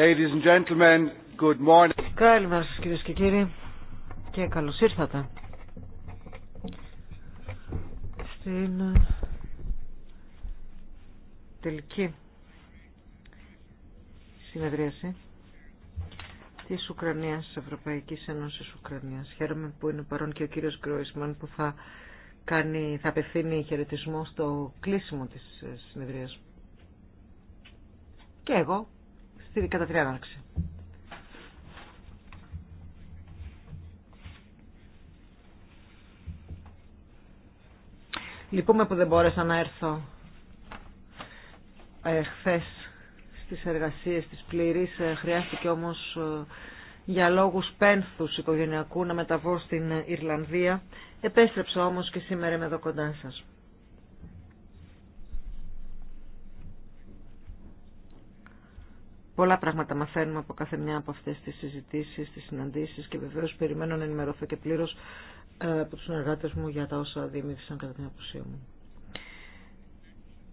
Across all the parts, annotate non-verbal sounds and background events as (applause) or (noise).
Ladies and gentlemen, Καλημέρα σας κυρίες και κύριοι και καλώς ήρθατε στην ε, τελική συνεδρίαση της Ουκρανίας, της Ευρωπαϊκής Ένωσης Ουκρανίας. Χαίρομαι που είναι παρόν και ο κύριος Γκρόισμαν που θα, κάνει, θα απευθύνει χαιρετισμό στο κλείσιμο της ε, συνεδρίας και εγώ στη, κατά Λυπούμε που δεν μπόρεσα να έρθω ε, χθες στις εργασίες της πλήρης. Ε, χρειάστηκε όμως ε, για λόγους πένθους οικογενειακού να μεταβώ στην ε, Ιρλανδία. Επέστρεψα όμως και σήμερα είμαι εδώ κοντά σας. Πολλά πράγματα μαθαίνουμε από κάθε μια από αυτές τις συζητήσεις, τις συναντήσεις και βεβαίως περιμένω να ενημερωθώ και πλήρως ε, από τους συνεργάτες μου για τα όσα δημιουργήσαν κατά την απουσία μου.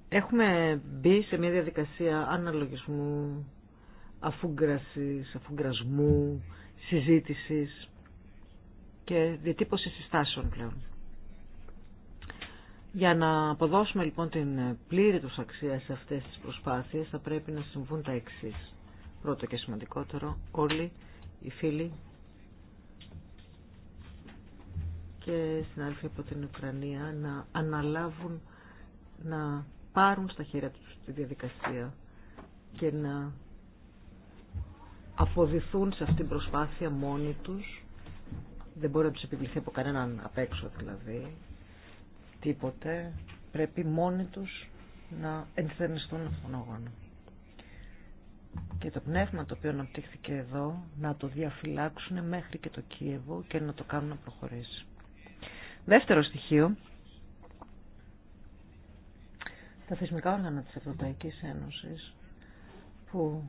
Έχουμε μπει σε μια διαδικασία αναλογισμού, αφούγκρασης, αφούγκρασμού, συζήτησης και διατύπωση συστάσεων πλέον. Για να αποδώσουμε λοιπόν την πλήρη τους αξία σε αυτές τις προσπάθειες θα πρέπει να συμβούν τα εξής πρώτο και σημαντικότερο, όλοι οι φίλοι και συνάδελφοι από την Ουκρανία να αναλάβουν, να πάρουν στα χέρια τους τη διαδικασία και να αποδηθούν σε αυτήν την προσπάθεια μόνοι τους. Δεν μπορεί να τους επιβληθεί από κανέναν απ' έξω δηλαδή. Τίποτε. Πρέπει μόνοι τους να ενθενιστούν αυτόν τον αγώνα και το πνεύμα το οποίο αναπτύχθηκε εδώ να το διαφυλάξουν μέχρι και το Κίεβο και να το κάνουν να προχωρήσει. Δεύτερο στοιχείο, τα θεσμικά όργανα της Ευρωπαϊκής Ένωσης που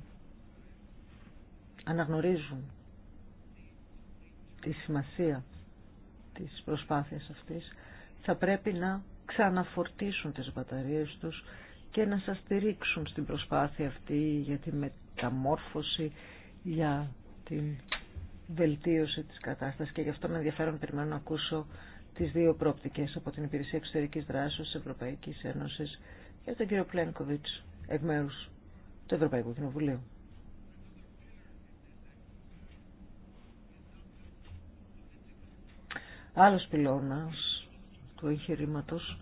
αναγνωρίζουν τη σημασία της προσπάθειας αυτής θα πρέπει να ξαναφορτίσουν τις μπαταρίες τους και να σας στηρίξουν στην προσπάθεια αυτή για τη μεταμόρφωση, για την βελτίωση της κατάστασης και γι' αυτό με ενδιαφέρον περιμένω να ακούσω τις δύο πρόπτικες από την Υπηρεσία Εξωτερικής Δράσης της Ευρωπαϊκής Ένωσης για τον κύριο Πλένκοβιτς εκ μέρους του Ευρωπαϊκού Κοινοβουλίου. Άλλος πυλώνας του εγχειρήματος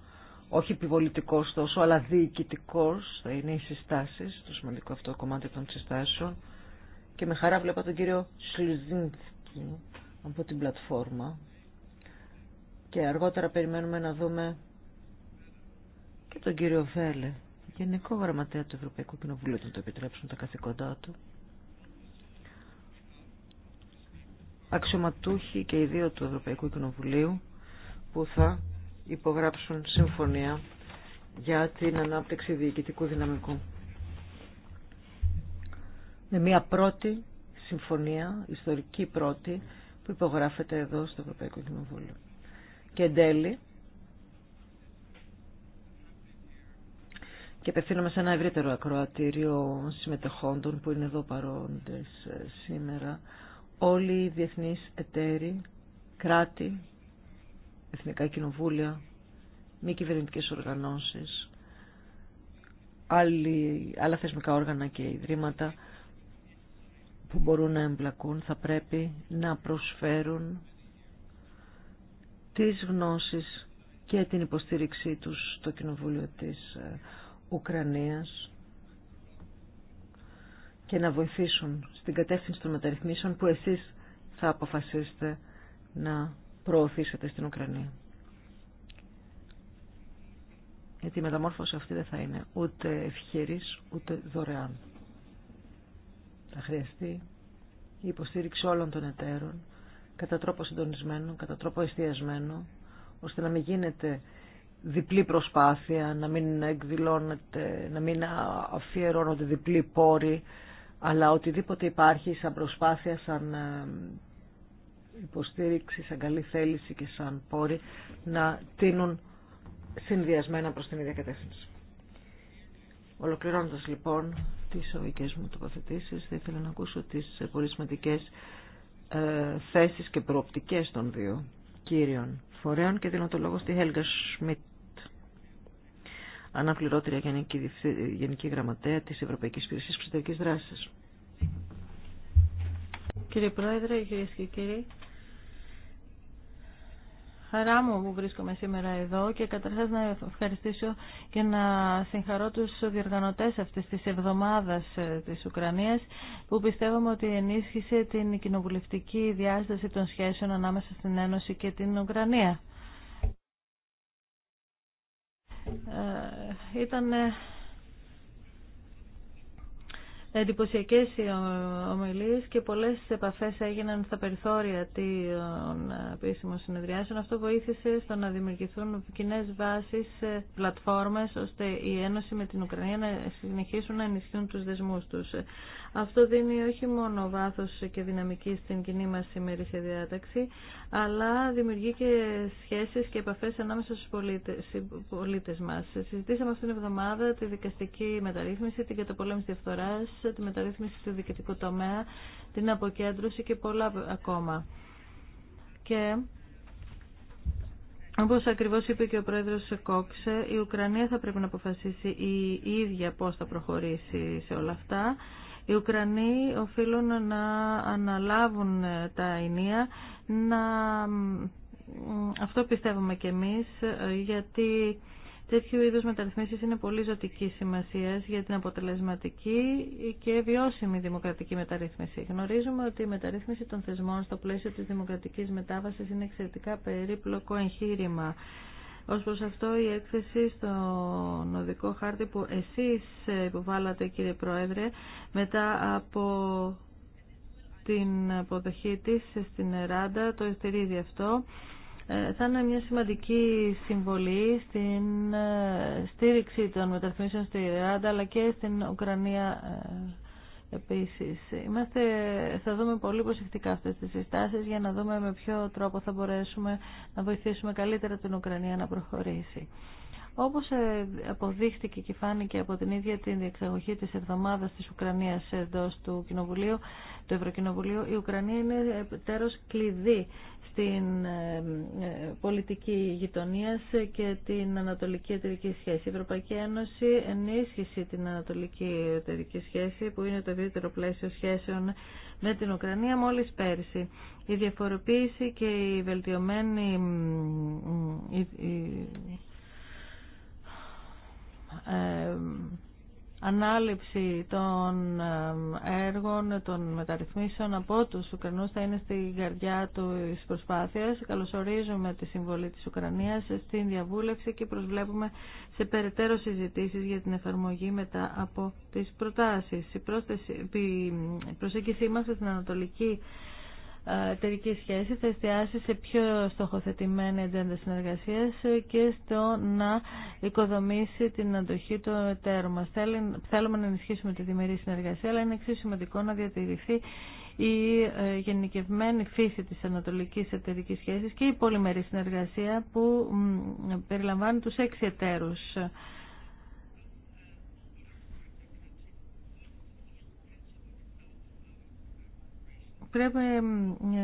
όχι επιβολητικό τόσο, αλλά διοικητικό. θα είναι οι συστάσει το σημαντικό αυτό κομμάτι των συστάσεων. Και με χαρά βλέπα τον κύριο Σλουζίνσκι από την πλατφόρμα. Και αργότερα περιμένουμε να δούμε και τον κύριο Βέλε, Γενικό Γραμματέα του Ευρωπαϊκού Κοινοβουλίου, να το επιτρέψουν τα καθήκοντά του. Αξιωματούχοι και οι του Ευρωπαϊκού Κοινοβουλίου που θα υπογράψουν συμφωνία για την ανάπτυξη διοικητικού δυναμικού. Με μια πρώτη συμφωνία, ιστορική πρώτη, που υπογράφεται εδώ στο Ευρωπαϊκό Κοινοβούλιο. Και εν τέλει, και απευθύνομαι σε ένα ευρύτερο ακροατήριο συμμετεχόντων που είναι εδώ παρόντες ε, σήμερα, όλοι οι διεθνείς εταίροι, κράτη, εθνικά κοινοβούλια, μη κυβερνητικέ οργανώσει, άλλα θεσμικά όργανα και ιδρύματα που μπορούν να εμπλακούν θα πρέπει να προσφέρουν τις γνώσεις και την υποστήριξή τους στο Κοινοβούλιο της ε, Ουκρανίας και να βοηθήσουν στην κατεύθυνση των μεταρρυθμίσεων που εσείς θα αποφασίσετε να προωθήσετε στην Ουκρανία. Γιατί η μεταμόρφωση αυτή δεν θα είναι ούτε ευχερής ούτε δωρεάν. Θα χρειαστεί η υποστήριξη όλων των εταίρων κατά τρόπο συντονισμένο, κατά τρόπο εστιασμένο, ώστε να μην γίνεται διπλή προσπάθεια, να μην εκδηλώνεται, να μην αφιερώνονται διπλή πόροι, αλλά οτιδήποτε υπάρχει σαν προσπάθεια, σαν ε, υποστήριξη, σαν καλή θέληση και σαν πόροι να τίνουν συνδυασμένα προς την ίδια κατεύθυνση. Ολοκληρώνοντας λοιπόν τις οικές μου τοποθετήσεις, θα ήθελα να ακούσω τις πολύ σημαντικέ ε, θέσεις και προοπτικές των δύο κύριων φορέων και δίνω το λόγο στη Helga Schmidt αναπληρώτρια Γενική, Γενική Γραμματέα της Ευρωπαϊκής Υπηρεσίας Ψητερικής Δράσης. Κύριε Πρόεδρε, κυρίε και κύριοι, χαρά μου που βρίσκομαι σήμερα εδώ και καταρχάς να ευχαριστήσω και να συγχαρώ τους διοργανωτές αυτής της εβδομάδας ε, της Ουκρανίας που πιστεύουμε ότι ενίσχυσε την κοινοβουλευτική διάσταση των σχέσεων ανάμεσα στην Ένωση και την Ουκρανία. Ε, ήταν ε, εντυπωσιακέ οι ε, ομιλίε και πολλέ επαφέ έγιναν στα περιθώρια των ε, επίσημων συνεδριάσεων. Αυτό βοήθησε στο να δημιουργηθούν κοινέ βάσει, ε, πλατφόρμε, ώστε η Ένωση με την Ουκρανία να συνεχίσουν να ενισχύουν του δεσμού του. Αυτό δίνει όχι μόνο βάθος και δυναμική στην κοινή μας ημερήσια διάταξη, αλλά δημιουργεί και σχέσεις και επαφές ανάμεσα στους πολίτες, μα. μας. Συζητήσαμε αυτήν την εβδομάδα τη δικαστική μεταρρύθμιση, την καταπολέμηση διαφθοράς, τη μεταρρύθμιση του διοικητικού τομέα, την αποκέντρωση και πολλά ακόμα. Και Όπω ακριβώ είπε και ο πρόεδρο Κόξε, η Ουκρανία θα πρέπει να αποφασίσει η ίδια πώ θα προχωρήσει σε όλα αυτά. Οι Ουκρανοί οφείλουν να αναλάβουν ε, τα ενία, να... αυτό πιστεύουμε κι εμείς, ε, γιατί τέτοιου είδους μεταρρυθμίσεις είναι πολύ ζωτική σημασία για την αποτελεσματική και βιώσιμη δημοκρατική μεταρρύθμιση. Γνωρίζουμε ότι η μεταρρύθμιση των θεσμών στο πλαίσιο της δημοκρατικής μετάβασης είναι εξαιρετικά περίπλοκο εγχείρημα ως προς αυτό η έκθεση στο νοδικό χάρτη που εσείς ε, υποβάλλατε κύριε Πρόεδρε μετά από την αποδοχή της στην ΕΡΑΝΤΑ, το ευθερίδι αυτό. Ε, θα είναι μια σημαντική συμβολή στην ε, στήριξη των μεταρρυθμίσεων στην ΕΡΑΝΤΑ αλλά και στην Ουκρανία Επίσης, είμαστε, θα δούμε πολύ προσεκτικά αυτές τις συστάσεις για να δούμε με ποιο τρόπο θα μπορέσουμε να βοηθήσουμε καλύτερα την Ουκρανία να προχωρήσει. Όπως ε, αποδείχθηκε και φάνηκε από την ίδια την διεξαγωγή της εβδομάδας της Ουκρανίας εντό του Κοινοβουλίου, του Ευρωκοινοβουλίου, η Ουκρανία είναι ε, τέρος κλειδί την ε, ε, πολιτική γειτονία και την ανατολική εταιρική σχέση. Η Ευρωπαϊκή Ένωση ενίσχυσε την ανατολική εταιρική σχέση που είναι το ευρύτερο πλαίσιο σχέσεων με την Ουκρανία μόλις πέρσι. Η διαφοροποίηση και η βελτιωμένη ε, ανάληψη των ε, έργων, των μεταρρυθμίσεων από τους Ουκρανούς θα είναι στη καρδιά της προσπάθειας. Καλωσορίζουμε τη συμβολή της Ουκρανίας στην διαβούλευση και προσβλέπουμε σε περαιτέρω συζητήσεις για την εφαρμογή μετά από τις προτάσεις. Η, πρόσθεση, η προσέγγιση μας στην Ανατολική ε, εταιρική σχέση θα εστιάσει σε πιο στοχοθετημένη ατζέντα συνεργασία και στο να οικοδομήσει την αντοχή του εταίρου μα. Θέλουμε να ενισχύσουμε τη διμερή συνεργασία, αλλά είναι εξίσου σημαντικό να διατηρηθεί η ε, γενικευμένη φύση της ανατολικής εταιρικής σχέσης και η πολυμερή συνεργασία που περιλαμβάνει τους έξι εταίρους. Πρέπει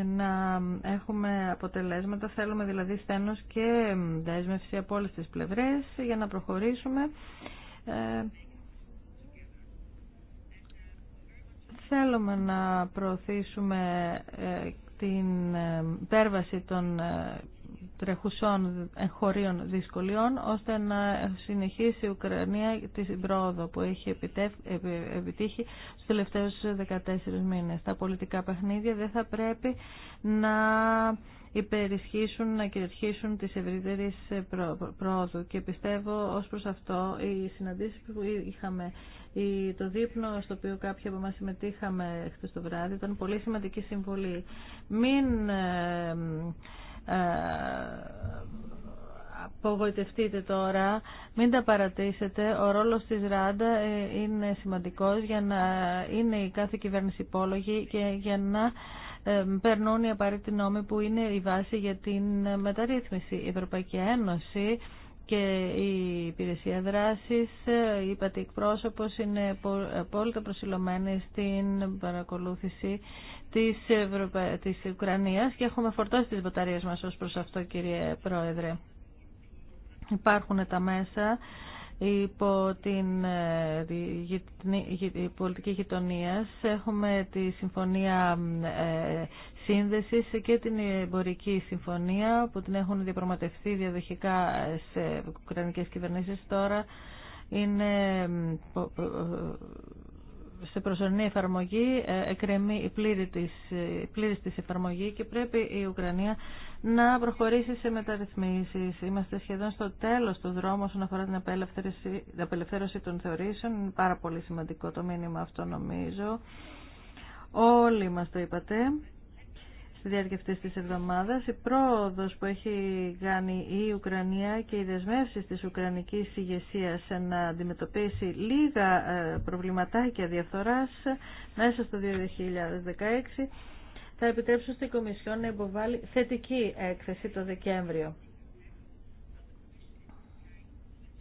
να έχουμε αποτελέσματα, θέλουμε δηλαδή στένος και δέσμευση από όλες τις πλευρές για να προχωρήσουμε. Ε, θέλουμε να προωθήσουμε ε, την ε, πέρβαση των τρεχουσών εγχωρίων δυσκολιών ώστε να συνεχίσει η Ουκρανία την πρόοδο που έχει επιτύχει στους τελευταίους 14 μήνες. Τα πολιτικά παιχνίδια δεν θα πρέπει να υπερισχύσουν, να κυριαρχήσουν τις ευρύτερη πρόοδου και πιστεύω ως προς αυτό οι συναντήσεις που είχαμε το δείπνο στο οποίο κάποιοι από εμάς συμμετείχαμε χτες το βράδυ ήταν πολύ σημαντική συμβολή. Μην ε, ε, απογοητευτείτε τώρα, μην τα παρατήσετε. Ο ρόλος της Ράντα ε, είναι σημαντικός για να είναι η κάθε κυβέρνηση υπόλογη και για να ε, περνούν οι απαραίτητοι νόμοι που είναι η βάση για την μεταρρύθμιση. Η Ευρωπαϊκή Ένωση και η υπηρεσία δράσης, ε, είπατε εκπρόσωπος, είναι απόλυτα προσιλωμένη στην παρακολούθηση της, Ευρωπα... της Ουκρανίας και έχουμε φορτώσει τις μπαταρίες μας ως προς αυτό κύριε Πρόεδρε. Υπάρχουν τα μέσα υπό την ε, πολιτική γειτονία έχουμε τη Συμφωνία ε, Σύνδεσης και την Εμπορική Συμφωνία που την έχουν διαπραγματευτεί διαδοχικά σε ουκρανικές κυβερνήσεις τώρα είναι ε, στην προσωρινή εφαρμογή ε, εκκρεμεί η πλήρη της, της εφαρμογή και πρέπει η Ουκρανία να προχωρήσει σε μεταρρυθμίσεις. Είμαστε σχεδόν στο τέλος του δρόμου όσον αφορά την απελευθέρωση, την απελευθέρωση των θεωρήσεων. Είναι πάρα πολύ σημαντικό το μήνυμα αυτό νομίζω. Όλοι μας το είπατε τη διάρκεια αυτή τη εβδομάδα. Η πρόοδο που έχει κάνει η Ουκρανία και οι δεσμεύσει τη Ουκρανική ηγεσία να αντιμετωπίσει λίγα ε, προβληματάκια διαφθορά μέσα στο 2016 θα επιτρέψουν στην Κομισιόν να υποβάλει θετική έκθεση το Δεκέμβριο.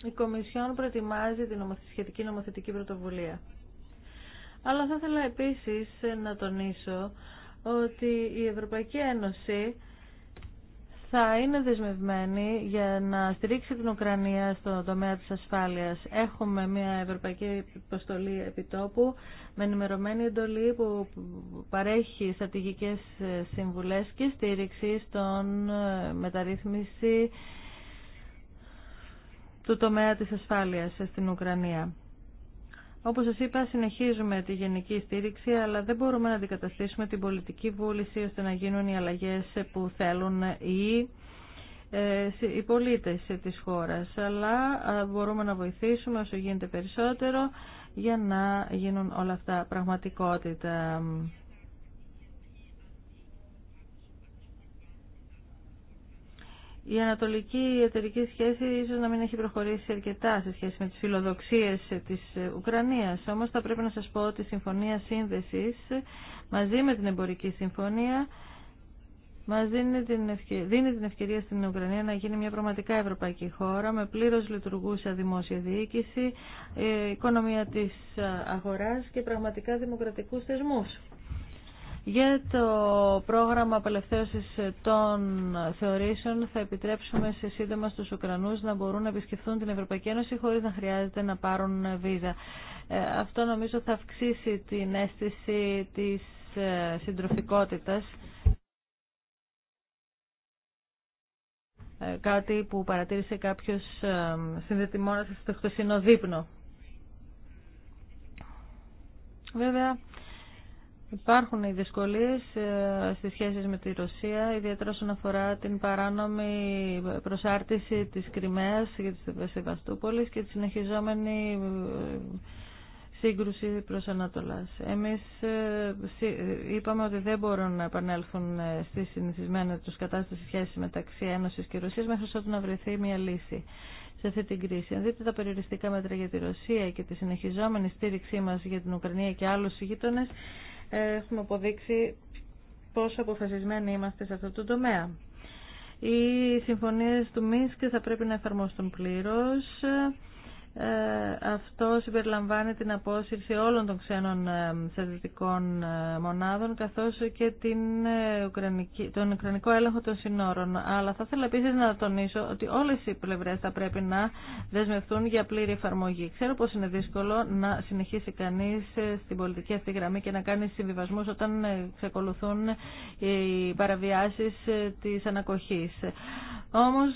Η Κομισιόν προετοιμάζει την σχετική νομοθετική πρωτοβουλία. Αλλά θα ήθελα επίσης να τονίσω ότι η Ευρωπαϊκή Ένωση θα είναι δεσμευμένη για να στηρίξει την Ουκρανία στον τομέα της ασφάλειας. Έχουμε μια ευρωπαϊκή υποστολή επιτόπου με ενημερωμένη εντολή που παρέχει στρατηγικές ε, συμβουλές και στήριξη στον ε, μεταρρύθμιση του τομέα της ασφάλειας στην Ουκρανία. Όπως σας είπα, συνεχίζουμε τη γενική στήριξη, αλλά δεν μπορούμε να αντικαταστήσουμε την πολιτική βούληση ώστε να γίνουν οι αλλαγές που θέλουν οι ε, οι πολίτες της χώρας αλλά ε, μπορούμε να βοηθήσουμε όσο γίνεται περισσότερο για να γίνουν όλα αυτά πραγματικότητα. η ανατολική εταιρική σχέση ίσως να μην έχει προχωρήσει αρκετά σε σχέση με τις φιλοδοξίες της Ουκρανίας. Όμως θα πρέπει να σας πω ότι η Συμφωνία Σύνδεσης μαζί με την Εμπορική Συμφωνία μας δίνει την, ευκαιρία, δίνει την ευκαιρία στην Ουκρανία να γίνει μια πραγματικά ευρωπαϊκή χώρα με πλήρως λειτουργούσα δημόσια διοίκηση, ε, οικονομία της ε, αγοράς και πραγματικά δημοκρατικούς θεσμούς. Για το πρόγραμμα απελευθέρωσης των θεωρήσεων θα επιτρέψουμε σε σύντομα στους Ουκρανούς να μπορούν να επισκεφθούν την Ευρωπαϊκή Ένωση χωρίς να χρειάζεται να πάρουν βίζα. Ε, αυτό νομίζω θα αυξήσει την αίσθηση της ε, συντροφικότητας. Ε, κάτι που παρατήρησε κάποιος συνδετημόνας στο χτωσινό δείπνο. Βέβαια, Υπάρχουν οι δυσκολίες ε, στις σχέσεις με τη Ρωσία, ιδιαίτερα όσον αφορά την παράνομη προσάρτηση της Κρυμαίας και της Σεβαστούπολης και τη συνεχιζόμενη ε, σύγκρουση προς Ανατολάς. Εμείς ε, είπαμε ότι δεν μπορούν να επανέλθουν στη συνηθισμένη τους κατάσταση σχέση μεταξύ Ένωσης και Ρωσίας μέχρι ώστε να βρεθεί μια λύση σε αυτή την κρίση. Αν δείτε τα περιοριστικά μέτρα για τη Ρωσία και τη συνεχιζόμενη στήριξή μας για την Ουκρανία και άλλους γείτονες, έχουμε αποδείξει πόσο αποφασισμένοι είμαστε σε αυτό το τομέα. Οι συμφωνίες του ΜΙΣΚ θα πρέπει να εφαρμόσουν πλήρως ε, αυτό συμπεριλαμβάνει την απόσυρση όλων των ξένων ε, στρατιωτικών ε, μονάδων καθώς και την τον ουκρανικό έλεγχο των συνόρων. Αλλά θα ήθελα επίσης να τονίσω ότι όλες οι πλευρές θα πρέπει να δεσμευτούν για πλήρη εφαρμογή. Ξέρω πως είναι δύσκολο να συνεχίσει κανείς στην πολιτική αυτή γραμμή και να κάνει συμβιβασμού όταν ξεκολουθούν οι παραβιάσεις της ανακοχής. Όμως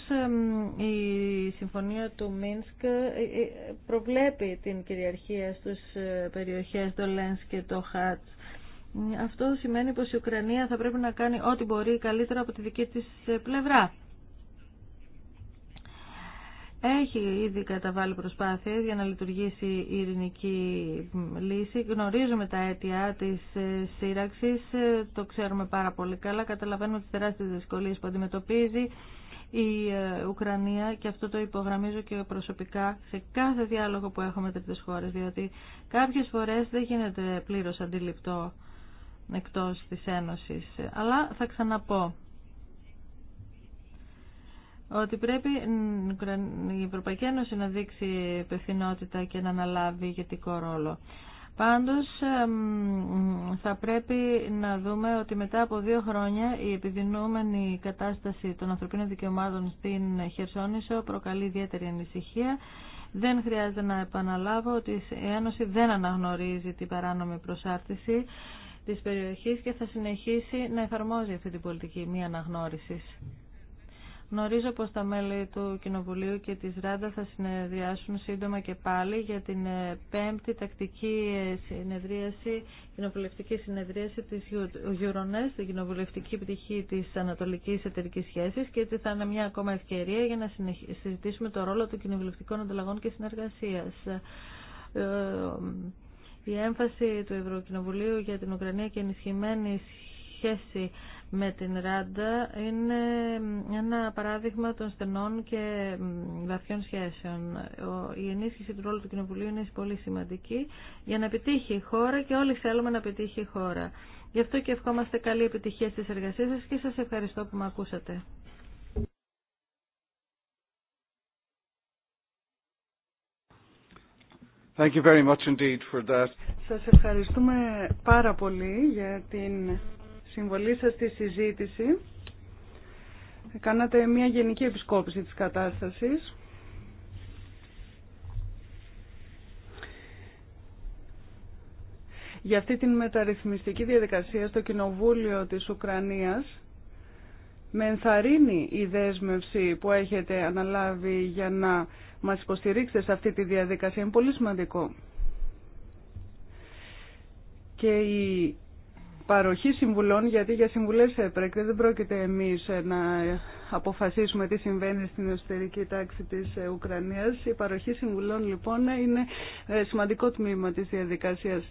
η συμφωνία του Μίνσκ ε, ε, προβλέπει την κυριαρχία στις ε, περιοχές το Λένς και το Χατ. Αυτό σημαίνει πως η Ουκρανία θα πρέπει να κάνει ό,τι μπορεί καλύτερα από τη δική της πλευρά. Έχει ήδη καταβάλει προσπάθειες για να λειτουργήσει η ειρηνική λύση. Γνωρίζουμε τα αίτια της σύραξης, το ξέρουμε πάρα πολύ καλά, καταλαβαίνουμε τις τεράστιες δυσκολίες που αντιμετωπίζει η ε, Ουκρανία και αυτό το υπογραμμίζω και προσωπικά σε κάθε διάλογο που έχω με τρίτες χώρες διότι κάποιες φορές δεν γίνεται πλήρως αντιληπτό εκτός της Ένωσης αλλά θα ξαναπώ ότι πρέπει η Ευρωπαϊκή Ένωση να δείξει υπευθυνότητα και να αναλάβει ηγετικό ρόλο. Πάντως θα πρέπει να δούμε ότι μετά από δύο χρόνια η επιδεινούμενη κατάσταση των ανθρωπίνων δικαιωμάτων στην Χερσόνησο προκαλεί ιδιαίτερη ανησυχία. Δεν χρειάζεται να επαναλάβω ότι η Ένωση δεν αναγνωρίζει την παράνομη προσάρτηση της περιοχής και θα συνεχίσει να εφαρμόζει αυτή την πολιτική μη αναγνώρισης. Γνωρίζω πως τα μέλη του Κοινοβουλίου και της Ράντα θα συνεδριάσουν σύντομα και πάλι για την ε, πέμπτη τακτική ε, συνεδρίαση, κοινοβουλευτική συνεδρίαση της Euronest, την κοινοβουλευτική πτυχή της Ανατολικής Εταιρικής Σχέσης και ότι θα είναι μια ακόμα ευκαιρία για να συζητήσουμε το ρόλο των κοινοβουλευτικών ανταλλαγών και συνεργασίας. Ε, η έμφαση του Ευρωκοινοβουλίου για την Ουκρανία και ενισχυμένη σχέση με την Ράντα είναι ένα παράδειγμα των στενών και βαθιών σχέσεων. Η ενίσχυση του ρόλου του Κοινοβουλίου είναι πολύ σημαντική για να επιτύχει η χώρα και όλοι θέλουμε να επιτύχει η χώρα. Γι' αυτό και ευχόμαστε καλή επιτυχία στις εργασίες σας και σας ευχαριστώ που με ακούσατε. Thank Σας ευχαριστούμε πάρα πολύ για την συμβολή σας στη συζήτηση. Κάνατε μια γενική επισκόπηση της κατάστασης. Για αυτή την μεταρρυθμιστική διαδικασία στο Κοινοβούλιο της Ουκρανίας με ενθαρρύνει η δέσμευση που έχετε αναλάβει για να μας υποστηρίξετε σε αυτή τη διαδικασία. Είναι πολύ σημαντικό. Και η παροχή συμβουλών, γιατί για συμβουλές πρέπει δεν πρόκειται εμείς να αποφασίσουμε τι συμβαίνει στην εσωτερική τάξη της Ουκρανίας. Η παροχή συμβουλών λοιπόν είναι ε, σημαντικό τμήμα της διαδικασίας.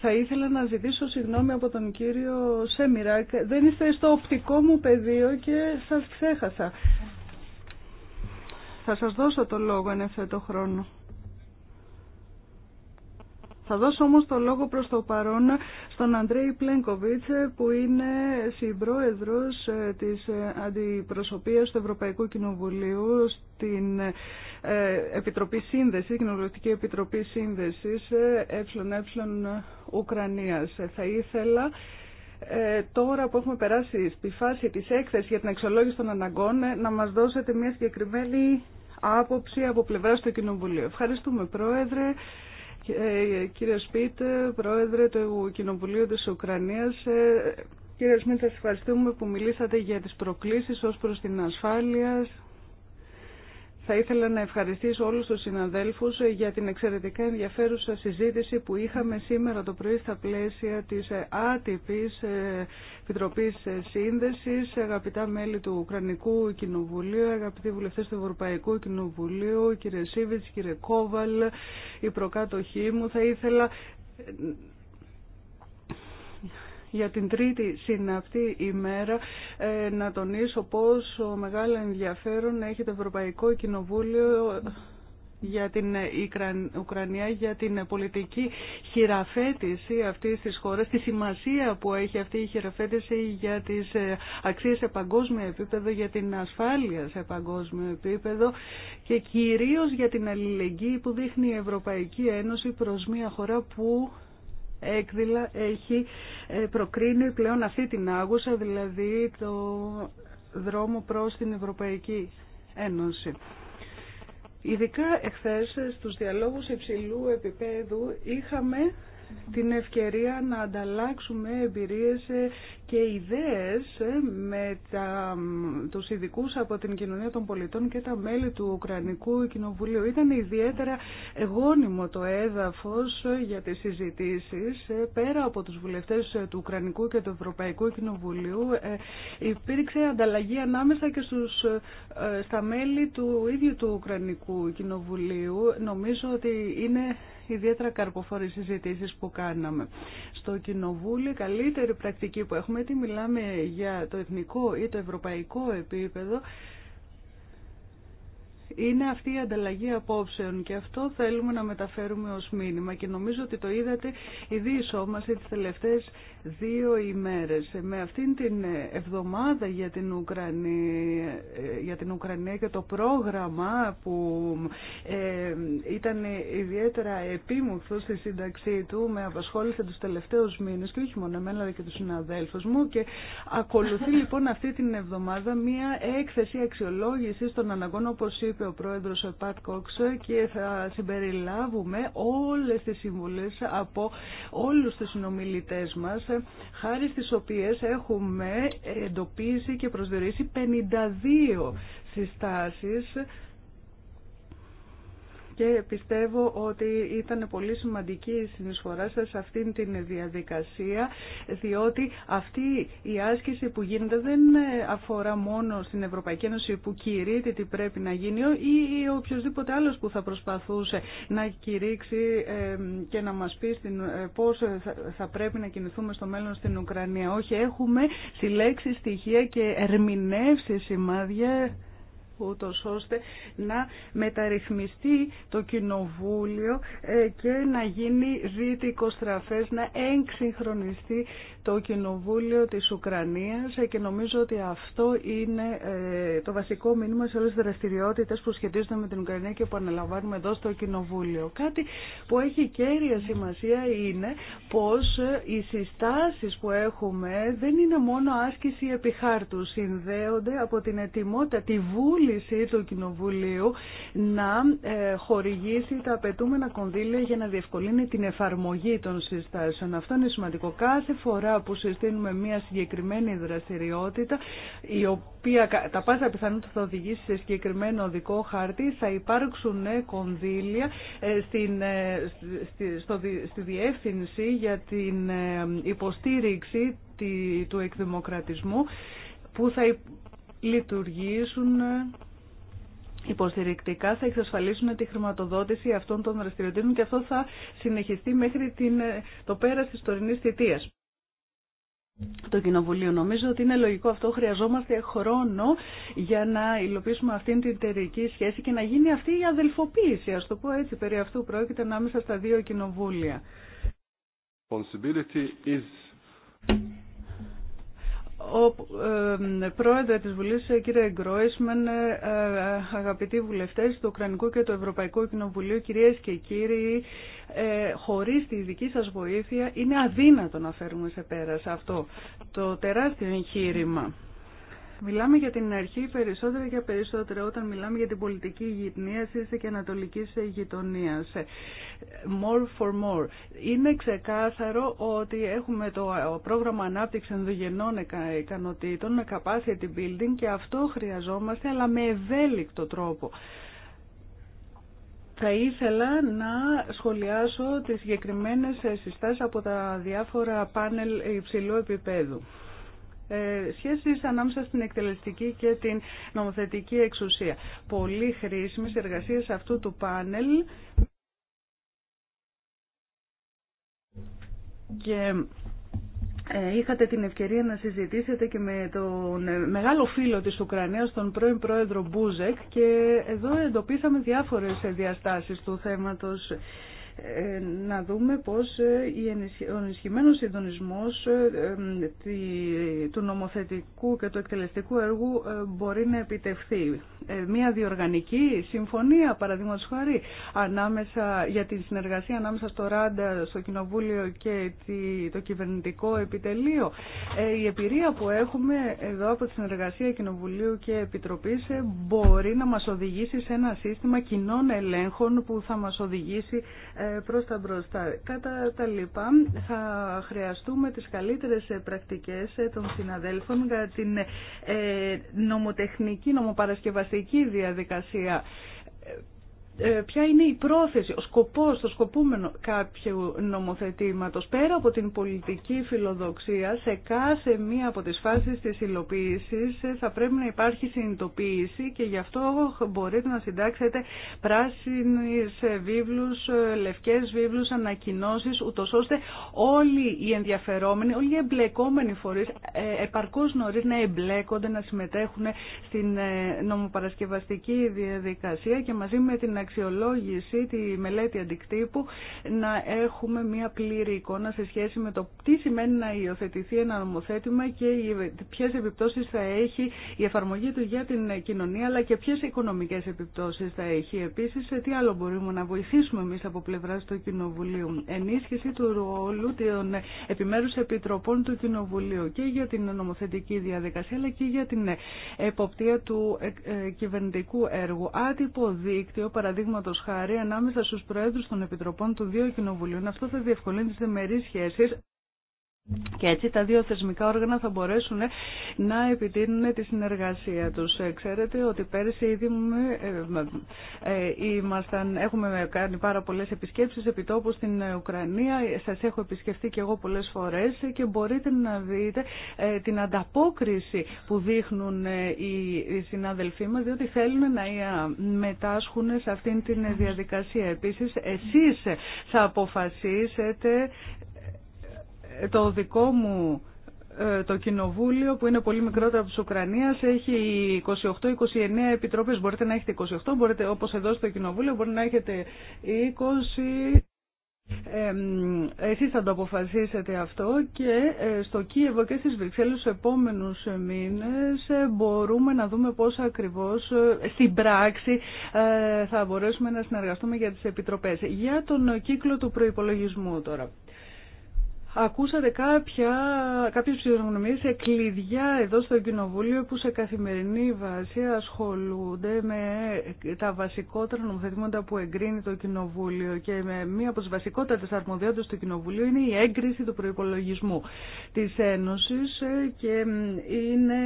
Θα ήθελα να ζητήσω συγγνώμη από τον κύριο Σέμιρακ. Δεν είστε στο οπτικό μου πεδίο και σας ξέχασα. Θα σας δώσω το λόγο εν το χρόνο. Θα δώσω όμως το λόγο προς το παρόν στον Αντρέη Πλένκοβιτς που είναι συμπρόεδρος ε, της ε, αντιπροσωπείας του Ευρωπαϊκού Κοινοβουλίου στην ε, Επιτροπή Σύνδεση, Κοινοβουλευτική Επιτροπή Σύνδεσης ΕΕ Ουκρανίας. Θα ήθελα τώρα που έχουμε περάσει στη φάση της έκθεσης για την εξολόγηση των αναγκών να μας δώσετε μια συγκεκριμένη άποψη από πλευράς του Κοινοβουλίου. Ευχαριστούμε Πρόεδρε. Ε, κύριε Σπίτ, Πρόεδρε του Κοινοβουλίου της Ουκρανίας, ε, κύριε Σμίτ, σας ευχαριστούμε που μιλήσατε για τις προκλήσεις ως προς την ασφάλεια θα ήθελα να ευχαριστήσω όλους τους συναδέλφους για την εξαιρετικά ενδιαφέρουσα συζήτηση που είχαμε σήμερα το πρωί στα πλαίσια της άτυπης Επιτροπής Σύνδεσης, αγαπητά μέλη του Ουκρανικού Κοινοβουλίου, αγαπητοί βουλευτές του Ευρωπαϊκού Κοινοβουλίου, κύριε Σίβιτς, κύριε Κόβαλ, η προκάτοχή μου. Θα ήθελα για την τρίτη συναυτή ημέρα ε, να τονίσω πόσο μεγάλο ενδιαφέρον έχει το Ευρωπαϊκό Κοινοβούλιο για την ε, Ουκρανία, για την ε, πολιτική χειραφέτηση αυτή της χώρας, τη σημασία που έχει αυτή η χειραφέτηση για τις αξίες σε παγκόσμιο επίπεδο, για την ασφάλεια σε παγκόσμιο επίπεδο και κυρίως για την αλληλεγγύη που δείχνει η Ευρωπαϊκή Ένωση προς μια χώρα που έκδηλα έχει ε, προκρίνει πλέον αυτή την άγουσα, δηλαδή το δρόμο προς την Ευρωπαϊκή Ένωση. Ειδικά εχθές στους διαλόγους υψηλού επίπεδου είχαμε την ευκαιρία να ανταλλάξουμε εμπειρίες ε, και ιδέες ε, με τα, τους ειδικού από την κοινωνία των πολιτών και τα μέλη του Ουκρανικού Κοινοβουλίου. Ήταν ιδιαίτερα γόνιμο το έδαφος ε, για τις συζητήσεις. Ε, πέρα από τους βουλευτές του Ουκρανικού και του Ευρωπαϊκού Κοινοβουλίου υπήρξε ανταλλαγή ανάμεσα και στους, στα μέλη του ίδιου του Ουκρανικού Κοινοβουλίου. Νομίζω ότι είναι ιδιαίτερα καρποφόροι συζητήσεις που κάναμε. Στο Κοινοβούλιο, καλύτερη πρακτική που έχουμε γιατί μιλάμε για το εθνικό ή το ευρωπαϊκό επίπεδο, είναι αυτή η ανταλλαγή απόψεων και αυτό θέλουμε να μεταφέρουμε ως μήνυμα και νομίζω ότι το είδατε μας τις τελευταίες δύο ημέρες. Με αυτήν την εβδομάδα για την Ουκρανία, για την Ουκρανία και το πρόγραμμα που ε, ήταν ιδιαίτερα επίμουθο στη σύνταξή του με απασχόλησε τους τελευταίους μήνες και όχι μόνο εμένα αλλά και τους συναδέλφους μου και ακολουθεί (laughs) λοιπόν αυτή την εβδομάδα μία έκθεση αξιολόγηση των αναγκών όπως είπε είπε ο πρόεδρος Πατ και θα συμπεριλάβουμε όλες τις συμβουλές από όλους τους συνομιλητές μας χάρη στις οποίες έχουμε εντοπίσει και προσδιορίσει 52 συστάσεις και πιστεύω ότι ήταν πολύ σημαντική η συνεισφορά σας σε αυτήν την διαδικασία διότι αυτή η άσκηση που γίνεται δεν αφορά μόνο στην Ευρωπαϊκή Ένωση που κηρύττει τι πρέπει να γίνει ή οποιοδήποτε άλλος που θα προσπαθούσε να κηρύξει και να μας πει ε, πώς θα πρέπει να κινηθούμε στο μέλλον στην Ουκρανία. Όχι, έχουμε συλλέξει στοιχεία και ερμηνεύσει σημάδια ούτω ώστε να μεταρρυθμιστεί το κοινοβούλιο ε, και να γίνει δίτικο στραφές, να εξυγχρονιστεί το κοινοβούλιο της Ουκρανίας ε, και νομίζω ότι αυτό είναι ε, το βασικό μήνυμα σε όλες τις δραστηριότητες που σχετίζονται με την Ουκρανία και που αναλαμβάνουμε εδώ στο κοινοβούλιο. Κάτι που έχει κέρια σημασία είναι πως οι συστάσεις που έχουμε δεν είναι μόνο άσκηση επιχάρτου, συνδέονται από την ετοιμότητα, τη βούλη θέληση του Κοινοβουλίου να ε, χορηγήσει τα απαιτούμενα κονδύλια για να διευκολύνει την εφαρμογή των συστάσεων. Αυτό είναι σημαντικό. Κάθε φορά που συστήνουμε μια συγκεκριμένη δραστηριότητα, η οποία τα πάσα πιθανότητα θα οδηγήσει σε συγκεκριμένο οδικό χάρτη, θα υπάρξουν ε, κονδύλια ε, στην, στη, στο, στη διεύθυνση για την υποστήριξη του εκδημοκρατισμού που θα λειτουργήσουν υποστηρικτικά, θα εξασφαλίσουν τη χρηματοδότηση αυτών των δραστηριοτήτων και αυτό θα συνεχιστεί μέχρι την, ε, το πέρας της τωρινής θητείας. Το Κοινοβουλίο. Νομίζω ότι είναι λογικό αυτό. Χρειαζόμαστε χρόνο για να υλοποιήσουμε αυτήν την εταιρική σχέση και να γίνει αυτή η αδελφοποίηση, ας το πω έτσι, περί αυτού πρόκειται ανάμεσα στα δύο κοινοβούλια ο ε, πρόεδρε της Βουλής, ε, κύριε Γκρόισμεν, ε, ε, αγαπητοί βουλευτές του Ουκρανικού και του Ευρωπαϊκού Κοινοβουλίου, κυρίες και κύριοι, ε, χωρίς τη δική σας βοήθεια είναι αδύνατο να φέρουμε σε πέρα σε αυτό το τεράστιο εγχείρημα. Μιλάμε για την αρχή περισσότερα για περισσότερα όταν μιλάμε για την πολιτική ή και ανατολική γειτονία. More for more. Είναι ξεκάθαρο ότι έχουμε το πρόγραμμα ανάπτυξη ενδογενών ικανοτήτων, capacity building και αυτό χρειαζόμαστε αλλά με ευέλικτο τρόπο. Θα ήθελα να σχολιάσω τις συγκεκριμένες συστάσεις από τα διάφορα πάνελ υψηλού επίπεδου. Ε, σχέσεις ανάμεσα στην εκτελεστική και την νομοθετική εξουσία. Πολύ χρήσιμες εργασίες αυτού του πάνελ. Και ε, είχατε την ευκαιρία να συζητήσετε και με τον ε, μεγάλο φίλο της Ουκρανίας, τον πρώην πρόεδρο Μπούζεκ και εδώ εντοπίσαμε διάφορες διαστάσεις του θέματος ε, να δούμε πώς ε, ο ενισχυμένος συντονισμός ε, του νομοθετικού και του εκτελεστικού έργου μπορεί να επιτευχθεί. Μία διοργανική συμφωνία, παραδείγματος χάρη, ανάμεσα, για τη συνεργασία ανάμεσα στο Ράντα, στο Κοινοβούλιο και το Κυβερνητικό Επιτελείο. Η εμπειρία που έχουμε εδώ από τη συνεργασία Κοινοβουλίου και Επιτροπής μπορεί να μας οδηγήσει σε ένα σύστημα κοινών ελέγχων που θα μας οδηγήσει ε, προς τα μπροστά. Κατά τα λοιπά θα χρειαστούμε τις καλύτερες ε, πρακτικές ε, των συναδέλφων για την νομοτεχνική, νομοπαρασκευαστική διαδικασία ε, ποια είναι η πρόθεση, ο σκοπός, το σκοπούμενο κάποιου νομοθετήματος πέρα από την πολιτική φιλοδοξία σε κάθε μία από τις φάσεις της υλοποίηση ε, θα πρέπει να υπάρχει συνειδητοποίηση και γι' αυτό μπορείτε να συντάξετε πράσινες βίβλους, ε, λευκές βίβλους, ανακοινώσεις ούτως ώστε όλοι οι ενδιαφερόμενοι, όλοι οι εμπλεκόμενοι φορείς επαρκώς νωρίς να εμπλέκονται, να συμμετέχουν στην νομοπαρασκευαστική διαδικασία και μαζί με την αξιολόγηση, τη μελέτη αντικτύπου, να έχουμε μια πλήρη εικόνα σε σχέση με το τι σημαίνει να υιοθετηθεί ένα νομοθέτημα και ποιε επιπτώσει θα έχει η εφαρμογή του για την κοινωνία, αλλά και ποιε οικονομικέ επιπτώσει θα έχει. Επίση, τι άλλο μπορούμε να βοηθήσουμε εμεί από πλευρά του Κοινοβουλίου. Ενίσχυση του ρόλου των επιμέρου επιτροπών του Κοινοβουλίου και για την νομοθετική διαδικασία, αλλά και για την εποπτεία του ε, ε, κυβερνητικού έργου. Άτυπο δίκτυο, παραδείγματο χάρη ανάμεσα στου Προέδρου των Επιτροπών του δύο Κοινοβουλίων. Αυτό θα διευκολύνει τι διμερεί σχέσει και έτσι τα δύο θεσμικά όργανα θα μπορέσουν να επιτείνουν τη συνεργασία τους. Ε, ξέρετε ότι πέρυσι ήδη ε, ε, έχουμε κάνει πάρα πολλές επισκέψεις επιτόπου στην Ουκρανία. Σας έχω επισκεφτεί και εγώ πολλές φορές και μπορείτε να δείτε την ανταπόκριση που δείχνουν οι συνάδελφοί μας διότι θέλουν να μετάσχουν σε αυτήν την διαδικασία. Επίσης, εσείς θα αποφασίσετε το δικό μου ε, το κοινοβούλιο που είναι πολύ μικρότερο από τη Ουκρανία έχει 28-29 επιτροπές. Μπορείτε να έχετε 28, μπορείτε, όπως εδώ στο κοινοβούλιο μπορεί να έχετε 20... Ε, εσείς θα το αποφασίσετε αυτό και ε, στο Κίεβο και στις Βρυξέλλες στους επόμενους μήνες ε, μπορούμε να δούμε πώς ακριβώς στην πράξη θα μπορέσουμε να συνεργαστούμε για τις επιτροπές. Για τον κύκλο του προϋπολογισμού τώρα. Ακούσατε κάποια, κάποιες σε κλειδιά εδώ στο Κοινοβούλιο που σε καθημερινή βάση ασχολούνται με τα βασικότερα νομοθετήματα που εγκρίνει το Κοινοβούλιο και με μία από τις βασικότερες αρμοδιότητες του Κοινοβουλίου είναι η έγκριση του προϋπολογισμού της Ένωσης και είναι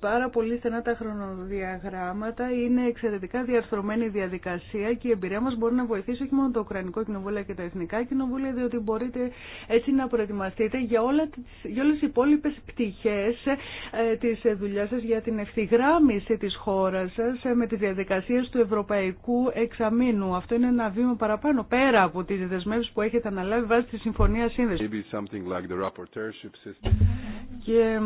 πάρα πολύ στενά τα χρονοδιαγράμματα, είναι εξαιρετικά διαρθρωμένη διαδικασία και η εμπειρία μας μπορεί να βοηθήσει όχι μόνο το Ουκρανικό Κοινοβούλιο και τα Εθνικά Κοινοβούλια διότι μπορείτε έτσι να προετοιμαστείτε για, όλα τις, για όλες τις υπόλοιπες πτυχές ε, της δουλειάς σας για την ευθυγράμμιση της χώρας σας ε, με τις διαδικασίες του Ευρωπαϊκού Εξαμήνου. Αυτό είναι ένα βήμα παραπάνω πέρα από τις δεσμεύσεις που έχετε αναλάβει βάσει τη Συμφωνία Σύνδεσης. Και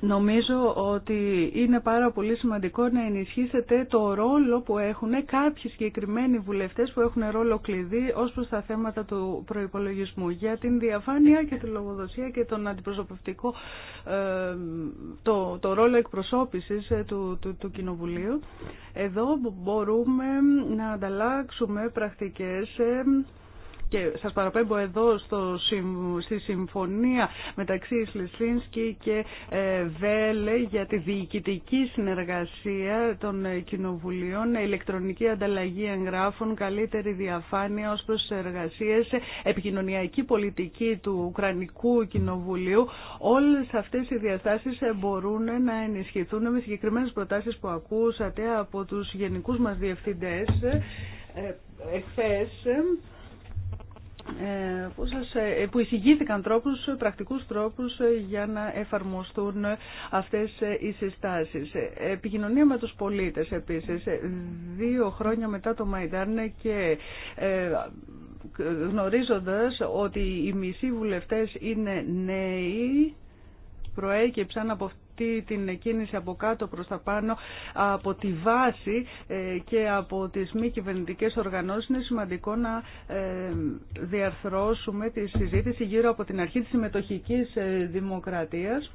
Νομίζω ότι είναι πάρα πολύ σημαντικό να ενισχύσετε το ρόλο που έχουν κάποιοι συγκεκριμένοι βουλευτές που έχουν ρόλο κλειδί ως προς τα θέματα του προϋπολογισμού για την διαφάνεια και τη λογοδοσία και τον αντιπροσωπευτικό ε, το, το ρόλο εκπροσώπησης ε, του, του, του Κοινοβουλίου. Εδώ μπορούμε να ανταλλάξουμε πρακτικές ε, και σας παραπέμπω εδώ στο, στη συμφωνία μεταξύ Σλισλίνσκι και ε, Βέλε για τη διοικητική συνεργασία των κοινοβουλίων, ηλεκτρονική ανταλλαγή εγγράφων, καλύτερη διαφάνεια ως προς τις εργασίες, επικοινωνιακή πολιτική του Ουκρανικού Κοινοβουλίου. Όλες αυτές οι διαστάσεις ε, μπορούν να ενισχυθούν με συγκεκριμένες προτάσεις που ακούσατε από τους γενικούς μας διευθυντές ε, εχθές ε, που, σας, ε, που εισηγήθηκαν τρόπους, πρακτικούς τρόπους ε, για να εφαρμοστούν αυτές οι συστάσεις. Επικοινωνία με τους πολίτες επίσης. Δύο χρόνια μετά το Μαϊντάν και γνωρίζοντας ότι οι μισοί βουλευτές είναι νέοι, προέκυψαν από την κίνηση από κάτω προς τα πάνω από τη βάση ε, και από τις μη κυβερνητικέ οργανώσεις είναι σημαντικό να ε, διαρθρώσουμε τη συζήτηση γύρω από την αρχή της συμμετοχικής ε, δημοκρατίας.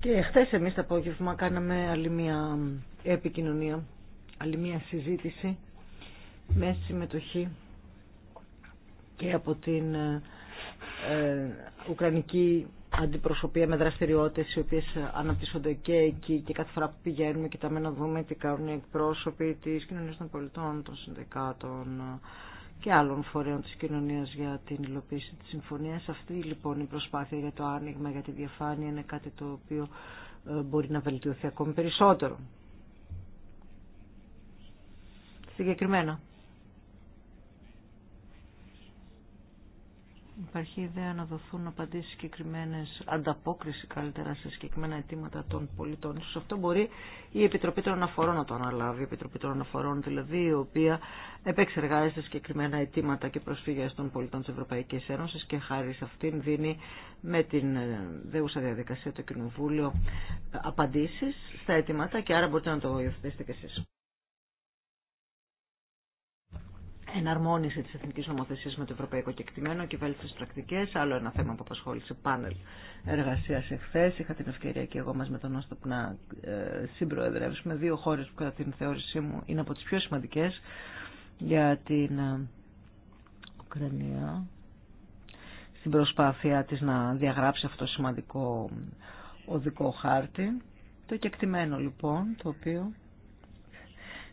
Και χθες εμείς το απόγευμα κάναμε άλλη μια επικοινωνία, άλλη μια συζήτηση με συμμετοχή και από την Ουκρανική αντιπροσωπεία με δραστηριότητες οι οποίες αναπτύσσονται και εκεί και κάθε φορά που πηγαίνουμε κοιτάμε να δούμε τι κάνουν οι εκπρόσωποι τη Κοινωνία των πολιτών, των συνδικάτων και άλλων φορέων της κοινωνίας για την υλοποίηση της συμφωνίας. Αυτή λοιπόν η προσπάθεια για το άνοιγμα, για τη διαφάνεια είναι κάτι το οποίο ε, μπορεί να βελτιωθεί ακόμη περισσότερο. Συγκεκριμένα. Υπάρχει ιδέα να δοθούν απαντήσεις συγκεκριμένε ανταπόκριση καλύτερα σε συγκεκριμένα αιτήματα των πολιτών. Σε αυτό μπορεί η Επιτροπή των Αναφορών να το αναλάβει. Η Επιτροπή των Αναφορών δηλαδή η οποία επεξεργάζεται συγκεκριμένα αιτήματα και προσφύγια των πολιτών της Ευρωπαϊκής Ένωσης και χάρη σε αυτήν δίνει με την ε, δέουσα διαδικασία το Κοινοβούλιο απαντήσεις στα αιτήματα και άρα μπορείτε να το υιοθετήσετε κι εσεί εναρμόνιση της εθνικής νομοθεσίας με το ευρωπαϊκό κεκτημένο και βέλτιστες πρακτικές. Άλλο ένα θέμα που απασχόλησε πάνελ εργασίας εχθές. Είχα την ευκαιρία και εγώ μας με τον Όστοπ να ε, συμπροεδρεύσουμε δύο χώρες που κατά την θεώρησή μου είναι από τις πιο σημαντικές για την ε, Ουκρανία στην προσπάθειά της να διαγράψει αυτό το σημαντικό οδικό χάρτη. Το κεκτημένο λοιπόν, το οποίο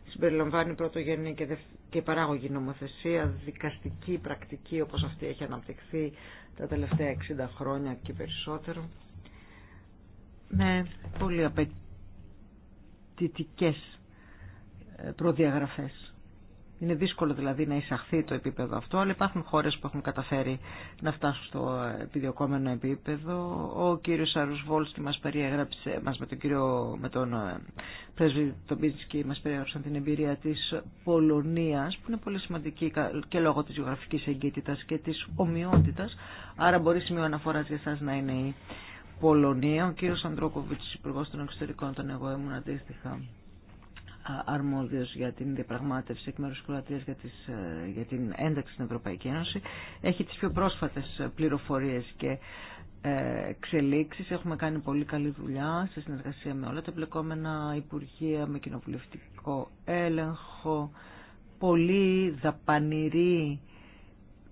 συμπεριλαμβάνει πρωτογενή και και παράγωγη νομοθεσία, δικαστική πρακτική όπως αυτή έχει αναπτυχθεί τα τελευταία 60 χρόνια και περισσότερο με πολύ απαιτητικές προδιαγραφές. Είναι δύσκολο δηλαδή να εισαχθεί το επίπεδο αυτό, αλλά υπάρχουν χώρε που έχουν καταφέρει να φτάσουν στο επιδιωκόμενο επίπεδο. Ο κύριο Αρουσβόλσκι μα περιέγραψε, μας με τον κύριο, με τον ε, πρέσβη μα περιέγραψαν την εμπειρία τη Πολωνία, που είναι πολύ σημαντική και λόγω τη γεωγραφική εγκύτητα και τη ομοιότητα. Άρα μπορεί σημείο αναφορά για εσά να είναι η Πολωνία. Ο κύριο Αντρόκοβιτ, υπουργό των εξωτερικών, τον εγώ ήμουν αντίστοιχα αρμόδιος για την διαπραγμάτευση εκ μέρους Κροατίας για, ε, για την ένταξη στην Ευρωπαϊκή Ένωση. Έχει τις πιο πρόσφατες πληροφορίες και ε, εξελίξεις. Έχουμε κάνει πολύ καλή δουλειά σε συνεργασία με όλα τα πλεκόμενα Υπουργεία, με κοινοβουλευτικό έλεγχο, πολύ δαπανηρή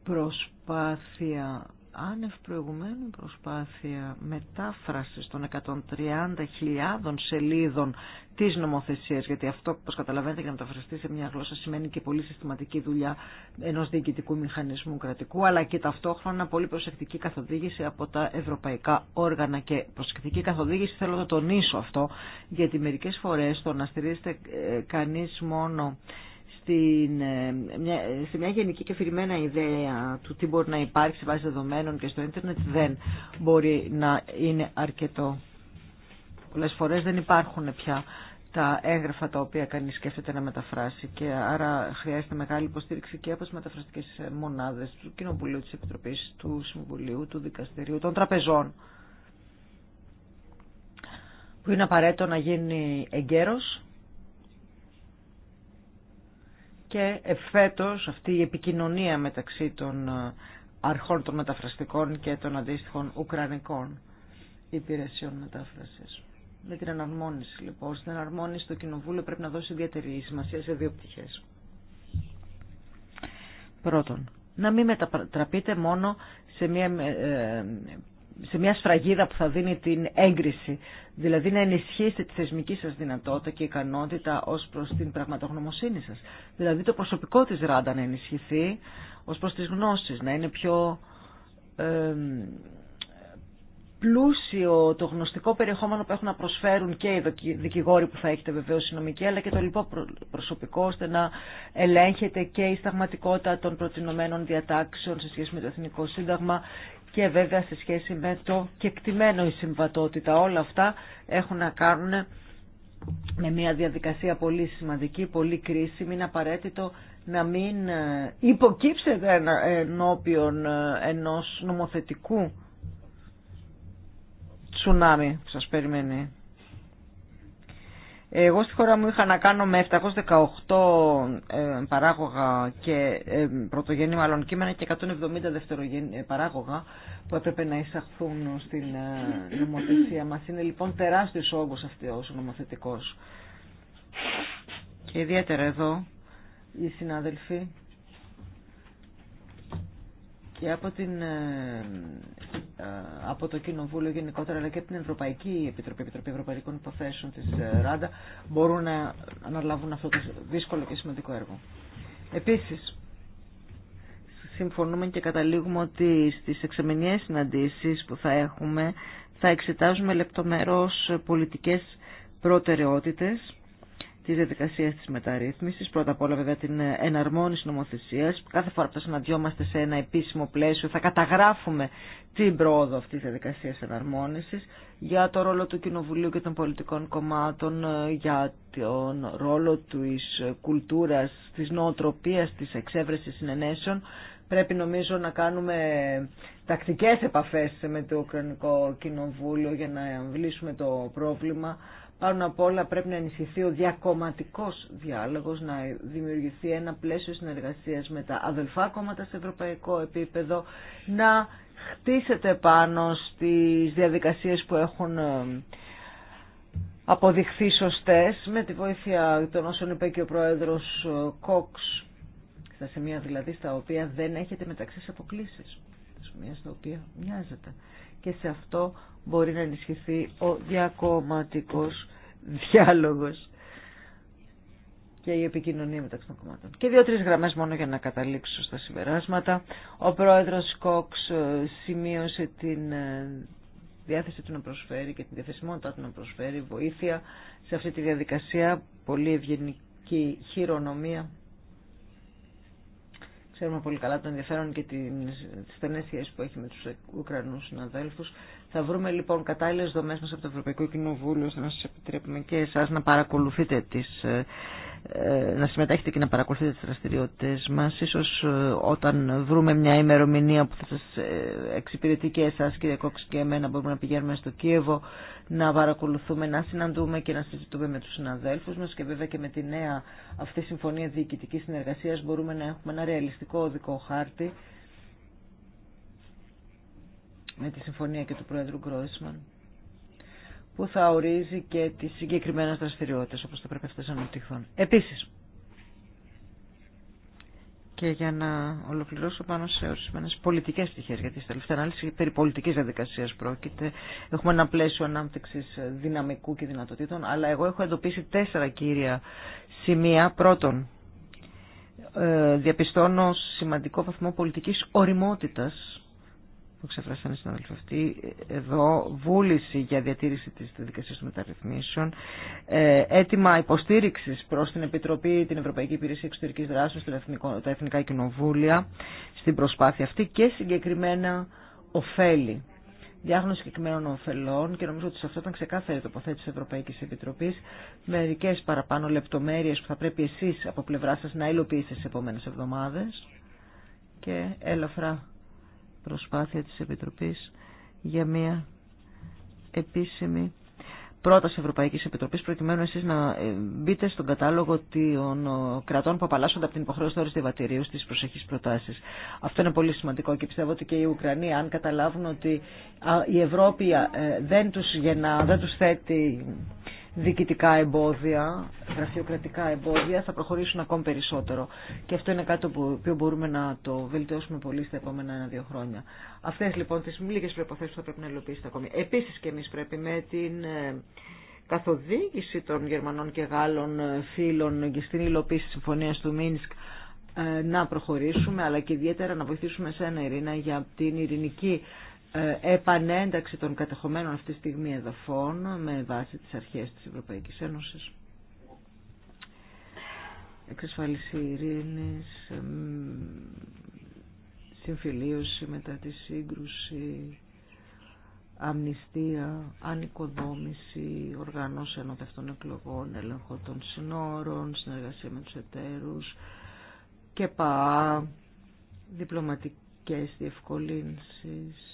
προσπάθεια άνευ προηγουμένου προσπάθεια μετάφρασης των 130.000 σελίδων της νομοθεσίας, γιατί αυτό, όπως καταλαβαίνετε, για να μεταφραστεί σε μια γλώσσα σημαίνει και πολύ συστηματική δουλειά ενός διοικητικού μηχανισμού κρατικού, αλλά και ταυτόχρονα πολύ προσεκτική καθοδήγηση από τα ευρωπαϊκά όργανα και προσεκτική καθοδήγηση, θέλω να τονίσω αυτό, γιατί μερικές φορές το να στηρίζεται ε, κανείς μόνο στην, ε, μια, σε μια γενική και φυρημένα ιδέα του τι μπορεί να υπάρχει σε βάση δεδομένων και στο ίντερνετ δεν μπορεί να είναι αρκετό. Πολλές φορές δεν υπάρχουν πια τα έγγραφα τα οποία κανείς σκέφτεται να μεταφράσει και άρα χρειάζεται μεγάλη υποστήριξη και από τις μεταφραστικές μονάδες του Κοινοβουλίου, της Επιτροπής, του Συμβουλίου, του Δικαστηρίου, των Τραπεζών που είναι απαραίτητο να γίνει εγκαίρος και εφέτος αυτή η επικοινωνία μεταξύ των ε, αρχών των μεταφραστικών και των αντίστοιχων ουκρανικών υπηρεσιών μετάφρασης. Με την εναρμόνιση λοιπόν. Στην εναρμόνιση το Κοινοβούλιο πρέπει να δώσει ιδιαίτερη σημασία σε δύο πτυχές. Πρώτον, να μην μετατραπείτε μόνο σε μια ε, σε μια σφραγίδα που θα δίνει την έγκριση. Δηλαδή να ενισχύσετε τη θεσμική σας δυνατότητα και ικανότητα ως προς την πραγματογνωμοσύνη σας. Δηλαδή το προσωπικό της ράντα να ενισχυθεί ως προς τις γνώσεις, να είναι πιο ε, πλούσιο το γνωστικό περιεχόμενο που έχουν να προσφέρουν και οι δικηγόροι που θα έχετε βεβαίω συνομικοί, αλλά και το λοιπό προσωπικό, ώστε να ελέγχεται και η σταγματικότητα των προτινομένων διατάξεων σε σχέση με το Εθνικό Σύνταγμα και βέβαια σε σχέση με το κεκτημένο η συμβατότητα. Όλα αυτά έχουν να κάνουν με μια διαδικασία πολύ σημαντική, πολύ κρίσιμη, είναι απαραίτητο να μην ε, υποκύψετε ενώπιον ε, ενός νομοθετικού τσουνάμι που σας περιμένει. Εγώ στη χώρα μου είχα να κάνω με 718 ε, παράγωγα και ε, πρωτογενή μάλλον κείμενα και 170 δευτερογενή ε, παράγωγα που έπρεπε να εισαχθούν στην νομοθεσία μας. Είναι λοιπόν τεράστιος όγκος αυτός ο νομοθετικός. Και ιδιαίτερα εδώ οι συνάδελφοι και από την ε, από το Κοινοβούλιο γενικότερα αλλά και την Ευρωπαϊκή Επιτροπή, Επιτροπή Ευρωπαϊκών Υποθέσεων της ε, ΡΑΝΤΑ μπορούν να αναλάβουν αυτό το δύσκολο και σημαντικό έργο. Επίσης, συμφωνούμε και καταλήγουμε ότι στις εξεμενιέ συναντήσει που θα έχουμε θα εξετάζουμε λεπτομερώς πολιτικές προτεραιότητες τη διαδικασία τη μεταρρύθμιση. Πρώτα απ' όλα, βέβαια, την εναρμόνιση νομοθεσία. Κάθε φορά που θα συναντιόμαστε σε ένα επίσημο πλαίσιο, θα καταγράφουμε την πρόοδο αυτή τη διαδικασία εναρμόνιση για το ρόλο του Κοινοβουλίου και των πολιτικών κομμάτων, για τον ρόλο τη κουλτούρα, τη νοοτροπία, τη εξέβρεση συνενέσεων. Πρέπει νομίζω να κάνουμε τακτικές επαφές με το Ουκρανικό Κοινοβούλιο για να εμβλήσουμε το πρόβλημα πάνω απ' όλα πρέπει να ενισχυθεί ο διακομματικός διάλογος, να δημιουργηθεί ένα πλαίσιο συνεργασίας με τα αδελφά κόμματα σε ευρωπαϊκό επίπεδο, να χτίσετε πάνω στις διαδικασίες που έχουν ε, αποδειχθεί σωστές με τη βοήθεια των όσων είπε και ο Πρόεδρος ε, Κόξ στα σημεία δηλαδή στα οποία δεν έχετε μεταξύ αποκλήσεις, στα σημεία στα οποία μοιάζεται και σε αυτό μπορεί να ενισχυθεί ο διακομματικός διάλογος και η επικοινωνία μεταξύ των κομμάτων. Και δύο-τρει γραμμέ μόνο για να καταλήξω στα συμπεράσματα. Ο πρόεδρο Κόξ ε, σημείωσε την ε, διάθεση του να προσφέρει και την διαθεσιμότητά του να προσφέρει βοήθεια σε αυτή τη διαδικασία. Πολύ ευγενική χειρονομία Ξέρουμε πολύ καλά το ενδιαφέρον και τι στενέ σχέσει που έχει με τους Ουκρανούς συναδέλφου. Θα βρούμε λοιπόν κατάλληλες δομέ μα από το Ευρωπαϊκό Κοινοβούλιο, ώστε να σα επιτρέπουμε και εσά να παρακολουθείτε τις ε, ε, να συμμετέχετε και να παρακολουθείτε τις δραστηριότητες μας. Ίσως ε, όταν βρούμε μια ημερομηνία που θα σας ε, εξυπηρετεί και εσάς κύριε Κόξ και εμένα μπορούμε να πηγαίνουμε στο Κίεβο να παρακολουθούμε, να συναντούμε και να συζητούμε με τους συναδέλφους μας και βέβαια και με τη νέα αυτή συμφωνία διοικητική συνεργασίας μπορούμε να έχουμε ένα ρεαλιστικό οδικό χάρτη με τη συμφωνία και του Πρόεδρου Γκρόισμαν που θα ορίζει και τι συγκεκριμένε δραστηριότητε όπω θα πρέπει αυτέ να αναπτυχθούν. Επίση. και για να ολοκληρώσω πάνω σε ορισμένε πολιτικέ στοιχείε, γιατί στη τελευταία ανάλυση περί πολιτική διαδικασία πρόκειται. Έχουμε ένα πλαίσιο ανάπτυξη δυναμικού και δυνατοτήτων, αλλά εγώ έχω εντοπίσει τέσσερα κύρια σημεία. Πρώτον, ε, διαπιστώνω σημαντικό βαθμό πολιτικής οριμότητας που ξεφράσανε οι συνάδελφοι εδώ βούληση για διατήρηση της διαδικασία των μεταρρυθμίσεων, ε, αίτημα υποστήριξης προς την Επιτροπή, την Ευρωπαϊκή Υπηρεσία Εξωτερικής Δράσης, τα Εθνικά Κοινοβούλια, στην προσπάθεια αυτή και συγκεκριμένα ωφέλη. Διάγνωση συγκεκριμένων ωφελών και νομίζω ότι σε αυτό ήταν ξεκάθαρη η τοποθέτηση τη Ευρωπαϊκή Επιτροπή. Μερικέ παραπάνω λεπτομέρειε που θα πρέπει εσεί από πλευρά σα να υλοποιήσετε στι επόμενε εβδομάδε και έλαφρα προσπάθεια της Επιτροπής για μια επίσημη πρόταση Ευρωπαϊκής Επιτροπής προκειμένου εσείς να ε, μπείτε στον κατάλογο των ε, κρατών που απαλλάσσονται από την υποχρέωση του διαβατηρίου στις προσεχείς προτάσεις. Αυτό είναι πολύ σημαντικό και πιστεύω ότι και οι Ουκρανοί αν καταλάβουν ότι η Ευρώπη ε, δεν τους γεννά, δεν τους θέτει διοικητικά εμπόδια, γραφειοκρατικά εμπόδια, θα προχωρήσουν ακόμη περισσότερο. Και αυτό είναι κάτι που μπορούμε να το βελτιώσουμε πολύ στα επόμενα ένα-δύο χρόνια. Αυτέ λοιπόν τι λίγε προποθέσει θα πρέπει να υλοποιήσετε ακόμη. Επίση και εμεί πρέπει με την ε, καθοδήγηση των Γερμανών και Γάλλων ε, φίλων και στην υλοποίηση της συμφωνίας του Μίνσκ ε, να προχωρήσουμε αλλά και ιδιαίτερα να βοηθήσουμε σε ένα ειρήνα για την ειρηνική ε, επανένταξη των κατεχομένων αυτή τη στιγμή εδαφών με βάση τις αρχές της Ευρωπαϊκής Ένωσης. Εξασφάλιση ειρήνης, συμφιλίωση μετά τη σύγκρουση, αμνηστία, ανοικοδόμηση, οργανώση ενωτευτών εκλογών, έλεγχο των συνόρων, συνεργασία με τους εταίρους και πα, διπλωματικές διευκολύνσεις,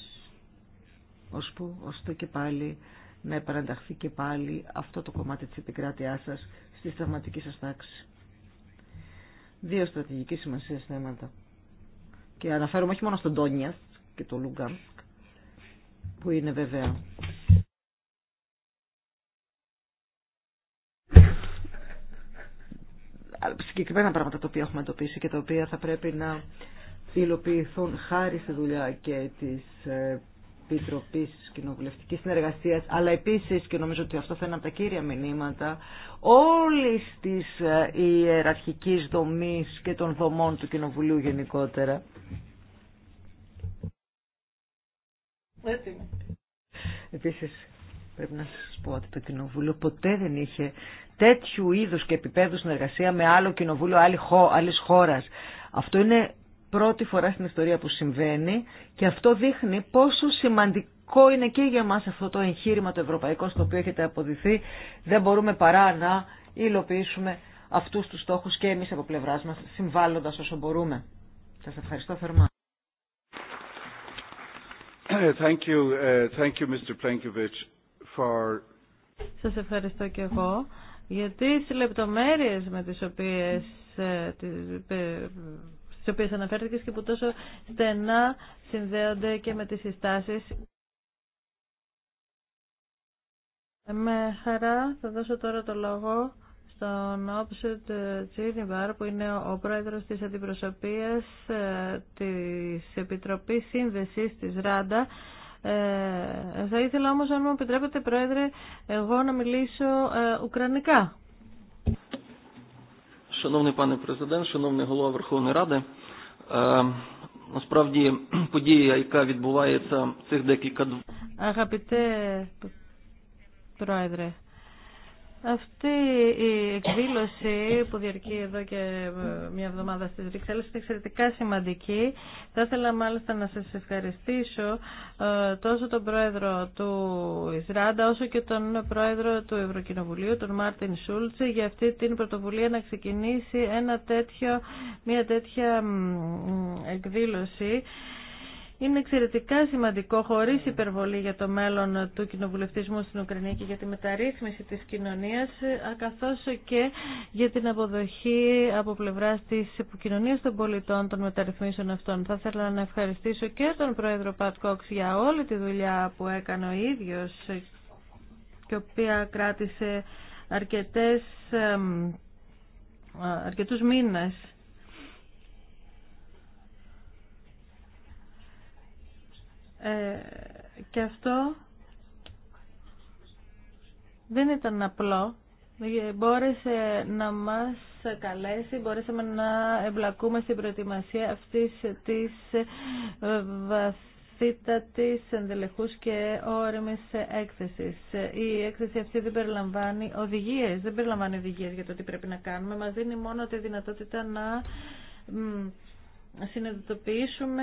ώσπου, ώστε και πάλι να επαναταχθεί και πάλι αυτό το κομμάτι της επικράτειάς σας στη σταγματική σας τάξη. Δύο στρατηγική σημασία θέματα. Και αναφέρομαι όχι μόνο στον Τόνιας και το Λούγκαν, που είναι βέβαια συγκεκριμένα πράγματα τα οποία έχουμε εντοπίσει και τα οποία θα πρέπει να υλοποιηθούν χάρη στη δουλειά και της ε, Επιτροπή κοινοβουλευτική συνεργασία. αλλά επίση και νομίζω ότι αυτό θα είναι από τα κύρια μηνύματα, Όλη τη ε, ιεραρχική δομή και των δομών του Κοινοβουλίου γενικότερα. Επίση πρέπει να σα πω ότι το Κοινοβούλιο ποτέ δεν είχε τέτοιου είδου και επίπεδου συνεργασία με άλλο κοινοβούλιο άλλη χώρα. Αυτό είναι πρώτη φορά στην ιστορία που συμβαίνει και αυτό δείχνει πόσο σημαντικό είναι και για μας αυτό το εγχείρημα το ευρωπαϊκό στο οποίο έχετε αποδηθεί. Δεν μπορούμε παρά να υλοποιήσουμε αυτούς τους στόχους και εμείς από πλευράς μας συμβάλλοντας όσο μπορούμε. Σας ευχαριστώ θερμά. Ε, thank you, ε, thank you, Mr. for... Σας ευχαριστώ και εγώ για τις λεπτομέρειες με τις οποίες ε, στις οποίες αναφέρθηκες και που τόσο στενά συνδέονται και με τις συστάσεις. Με χαρά θα δώσω τώρα το λόγο στον Όψετ Τζίνιβαρ που είναι ο πρόεδρος της αντιπροσωπείας ε, της Επιτροπής Σύνδεσης της Ράντα. Ε, θα ήθελα όμως αν μου επιτρέπετε πρόεδρε εγώ να μιλήσω ε, ουκρανικά. Шановний пане президент, шановний голова Верховної Ради, насправді подія, яка відбувається цих декілька агапіте прайдре. Αυτή η εκδήλωση που διαρκεί εδώ και ε, μια εβδομάδα στις Βρυξέλλες είναι εξαιρετικά σημαντική. Θα ήθελα μάλιστα να σας ευχαριστήσω ε, τόσο τον πρόεδρο του Ισράντα όσο και τον πρόεδρο του Ευρωκοινοβουλίου, τον Μάρτιν Σούλτσε, για αυτή την πρωτοβουλία να ξεκινήσει ένα μια τέτοια εκδήλωση είναι εξαιρετικά σημαντικό χωρίς υπερβολή για το μέλλον του κοινοβουλευτισμού στην Ουκρανία και για τη μεταρρύθμιση της κοινωνίας ε, καθώ και για την αποδοχή από πλευρά τη επικοινωνία των πολιτών των μεταρρυθμίσεων αυτών. Θα ήθελα να ευχαριστήσω και τον Πρόεδρο Πατ Κόξ για όλη τη δουλειά που έκανε ο ίδιο, ε, και οποία κράτησε αρκετές, ε, αρκετούς μήνες Ε, και αυτό δεν ήταν απλό. Ε, μπόρεσε να μας καλέσει, μπορέσαμε να εμπλακούμε στην προετοιμασία αυτής της ε, βαθύτατης ενδελεχούς και όρεμης έκθεσης. Η έκθεση αυτή δεν περιλαμβάνει οδηγίες, δεν περιλαμβάνει οδηγίες για το τι πρέπει να κάνουμε. Μας δίνει μόνο τη δυνατότητα να συνειδητοποιήσουμε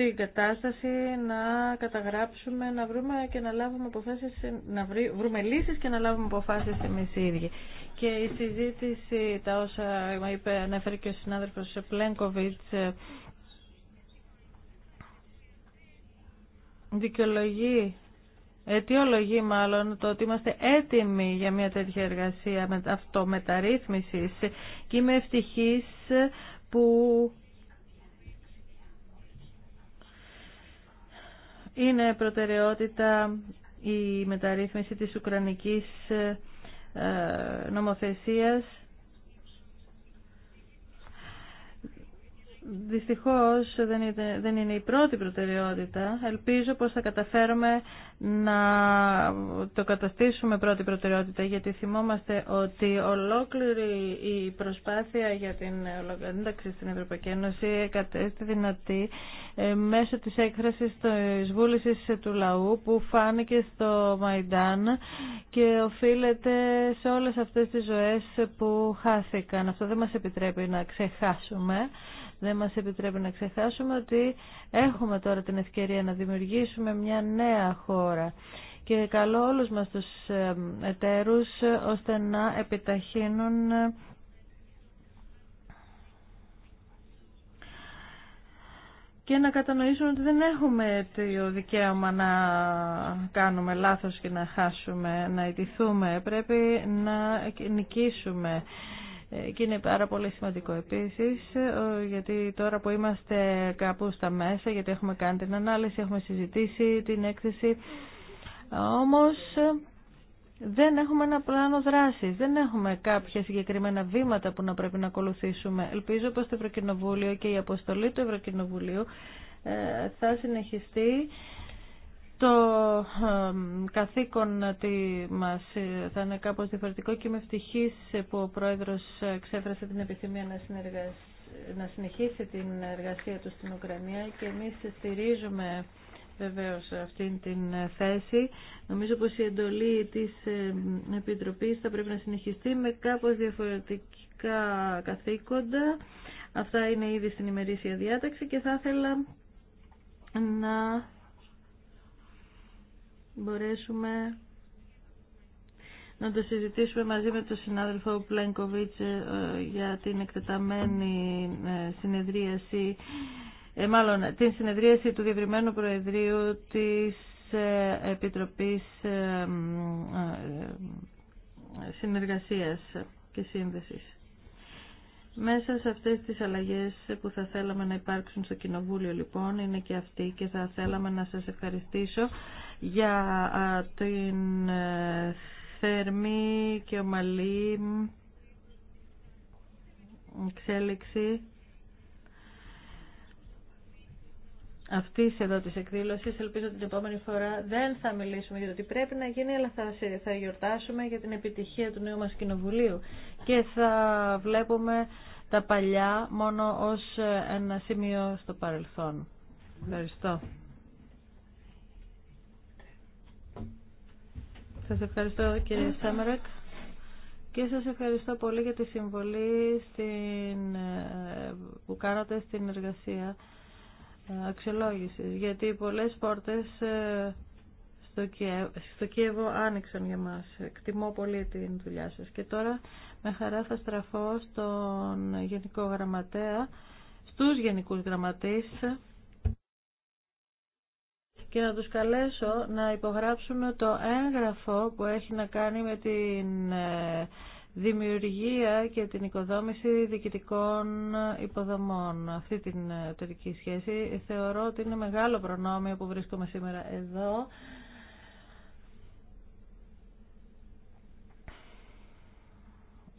στην κατάσταση να καταγράψουμε, να βρούμε και να λάβουμε αποφάσεις, να βρούμε λύσεις και να λάβουμε αποφάσεις εμείς οι Και η συζήτηση, τα όσα είπε, ανέφερε και ο συνάδελφος Πλένκοβιτς, δικαιολογεί, αιτιολογεί μάλλον το ότι είμαστε έτοιμοι για μια τέτοια εργασία αυτομεταρρύθμισης και είμαι ευτυχής που Είναι προτεραιότητα η μεταρρύθμιση της Ουκρανικής ε, νομοθεσίας Δυστυχώς δεν είναι, δεν είναι η πρώτη προτεραιότητα. Ελπίζω πως θα καταφέρουμε να το καταστήσουμε πρώτη προτεραιότητα γιατί θυμόμαστε ότι ολόκληρη η προσπάθεια για την ένταξη στην Ευρωπαϊκή Ένωση κατέστη δυνατή ε, μέσω της έκφρασης της βούλησης του λαού που φάνηκε στο Μαϊντάν και οφείλεται σε όλες αυτές τις ζωές που χάθηκαν. Αυτό δεν μας επιτρέπει να ξεχάσουμε δεν μας επιτρέπει να ξεχάσουμε ότι έχουμε τώρα την ευκαιρία να δημιουργήσουμε μια νέα χώρα και καλό όλους μας τους ε, εταίρους ώστε να επιταχύνουν και να κατανοήσουν ότι δεν έχουμε το δικαίωμα να κάνουμε λάθος και να χάσουμε, να ιτηθούμε. Πρέπει να νικήσουμε και είναι πάρα πολύ σημαντικό επίσης ε, γιατί τώρα που είμαστε κάπου στα μέσα γιατί έχουμε κάνει την ανάλυση, έχουμε συζητήσει την έκθεση όμως ε, δεν έχουμε ένα πλάνο δράσης, δεν έχουμε κάποια συγκεκριμένα βήματα που να πρέπει να ακολουθήσουμε. Ελπίζω πως το Ευρωκοινοβούλιο και η αποστολή του Ευρωκοινοβουλίου ε, θα συνεχιστεί το καθήκον τι μας ε, θα είναι κάπως διαφορετικό και με ευτυχής που ο Πρόεδρος εξέφρασε την επιθυμία να να συνεχίσει την εργασία του στην Ουκρανία και εμείς στηρίζουμε βεβαίως αυτήν την θέση. Νομίζω πως η εντολή της Επιτροπής θα πρέπει να συνεχιστεί με κάπως διαφορετικά καθήκοντα. Αυτά είναι ήδη στην ημερήσια διάταξη και θα ήθελα να μπορέσουμε να το συζητήσουμε μαζί με τον συνάδελφο Πλένκοβιτς ε, για την εκτεταμένη ε, συνεδρίαση, ε, την συνεδρίαση του Διευρυμένου Προεδρείου της ε, Επιτροπής Συνεργασίας και Σύνδεσης. Μέσα σε αυτές τις αλλαγές που θα θέλαμε να υπάρξουν στο Κοινοβούλιο λοιπόν είναι και αυτή και θα θέλαμε να σας ευχαριστήσω για την ε, θερμή και ομαλή εξέλιξη αυτή εδώ τη εκδήλωση. Ελπίζω ότι την επόμενη φορά δεν θα μιλήσουμε για το τι πρέπει να γίνει, αλλά θα, θα γιορτάσουμε για την επιτυχία του νέου μας κοινοβουλίου. Και θα βλέπουμε τα παλιά μόνο ως ε, ένα σημείο στο παρελθόν. Ευχαριστώ. Σα ευχαριστώ κύριε Σάμερεκ και σας ευχαριστώ πολύ για τη συμβολή στην, ε, ε, που κάνατε στην εργασία αξιολόγησης, γιατί πολλές πόρτες ε, στο Κίεβο, άνοιξαν για μας. Εκτιμώ πολύ την δουλειά σας. Και τώρα με χαρά θα στραφώ στον Γενικό Γραμματέα, στους Γενικούς Γραμματείς, και να τους καλέσω να υπογράψουν το έγγραφο που έχει να κάνει με την ε, δημιουργία και την οικοδόμηση διοικητικών υποδομών. Αυτή την εταιρική σχέση θεωρώ ότι είναι μεγάλο προνόμιο που βρίσκομαι σήμερα εδώ.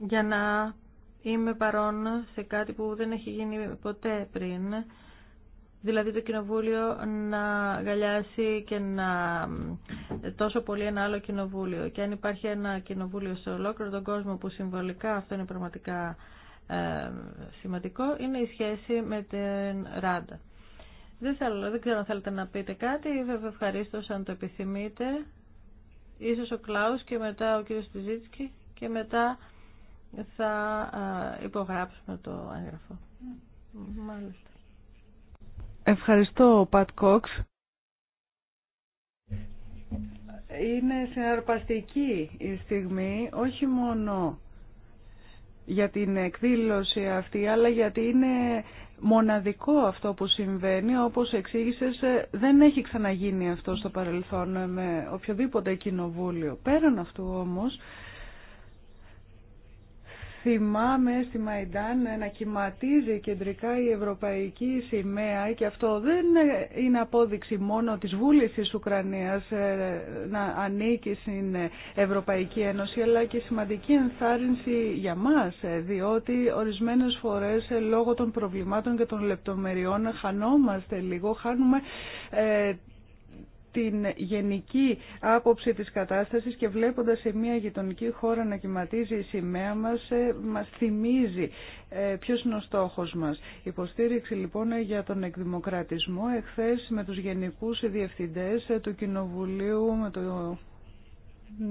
για να είμαι παρόν σε κάτι που δεν έχει γίνει ποτέ πριν δηλαδή το κοινοβούλιο να γαλιάσει και να τόσο πολύ ένα άλλο κοινοβούλιο. Και αν υπάρχει ένα κοινοβούλιο σε ολόκληρο τον κόσμο που συμβολικά αυτό είναι πραγματικά ε, σημαντικό, είναι η σχέση με την Ράντα. Δεν, θέλω, δεν ξέρω αν θέλετε να πείτε κάτι, ή βέβαια ευχαρίστω αν το επιθυμείτε. Ίσως ο Κλάους και μετά ο κύριος Τιζίτσκι και μετά θα ε, υπογράψουμε το έγγραφο. Μάλιστα. Ευχαριστώ, Πατ Κόξ. Είναι συναρπαστική η στιγμή, όχι μόνο για την εκδήλωση αυτή, αλλά γιατί είναι μοναδικό αυτό που συμβαίνει. Όπως εξήγησες, δεν έχει ξαναγίνει αυτό στο παρελθόν με οποιοδήποτε κοινοβούλιο. Πέραν αυτού όμως, Θυμάμαι στη Μαϊντάν να κυματίζει κεντρικά η ευρωπαϊκή σημαία και αυτό δεν είναι απόδειξη μόνο της βούλησης Ουκρανίας ε, να ανήκει στην Ευρωπαϊκή Ένωση αλλά και σημαντική ενθάρρυνση για μας ε, διότι ορισμένες φορές ε, λόγω των προβλημάτων και των λεπτομεριών χανόμαστε λίγο, χάνουμε την γενική άποψη της κατάστασης και βλέποντας σε μια γειτονική χώρα να κυματίζει η σημαία μας, ε, μας θυμίζει ε, ποιος είναι ο στόχος μας. Υποστήριξη λοιπόν για τον εκδημοκρατισμό εχθές με τους γενικούς διευθυντές ε, του Κοινοβουλίου, με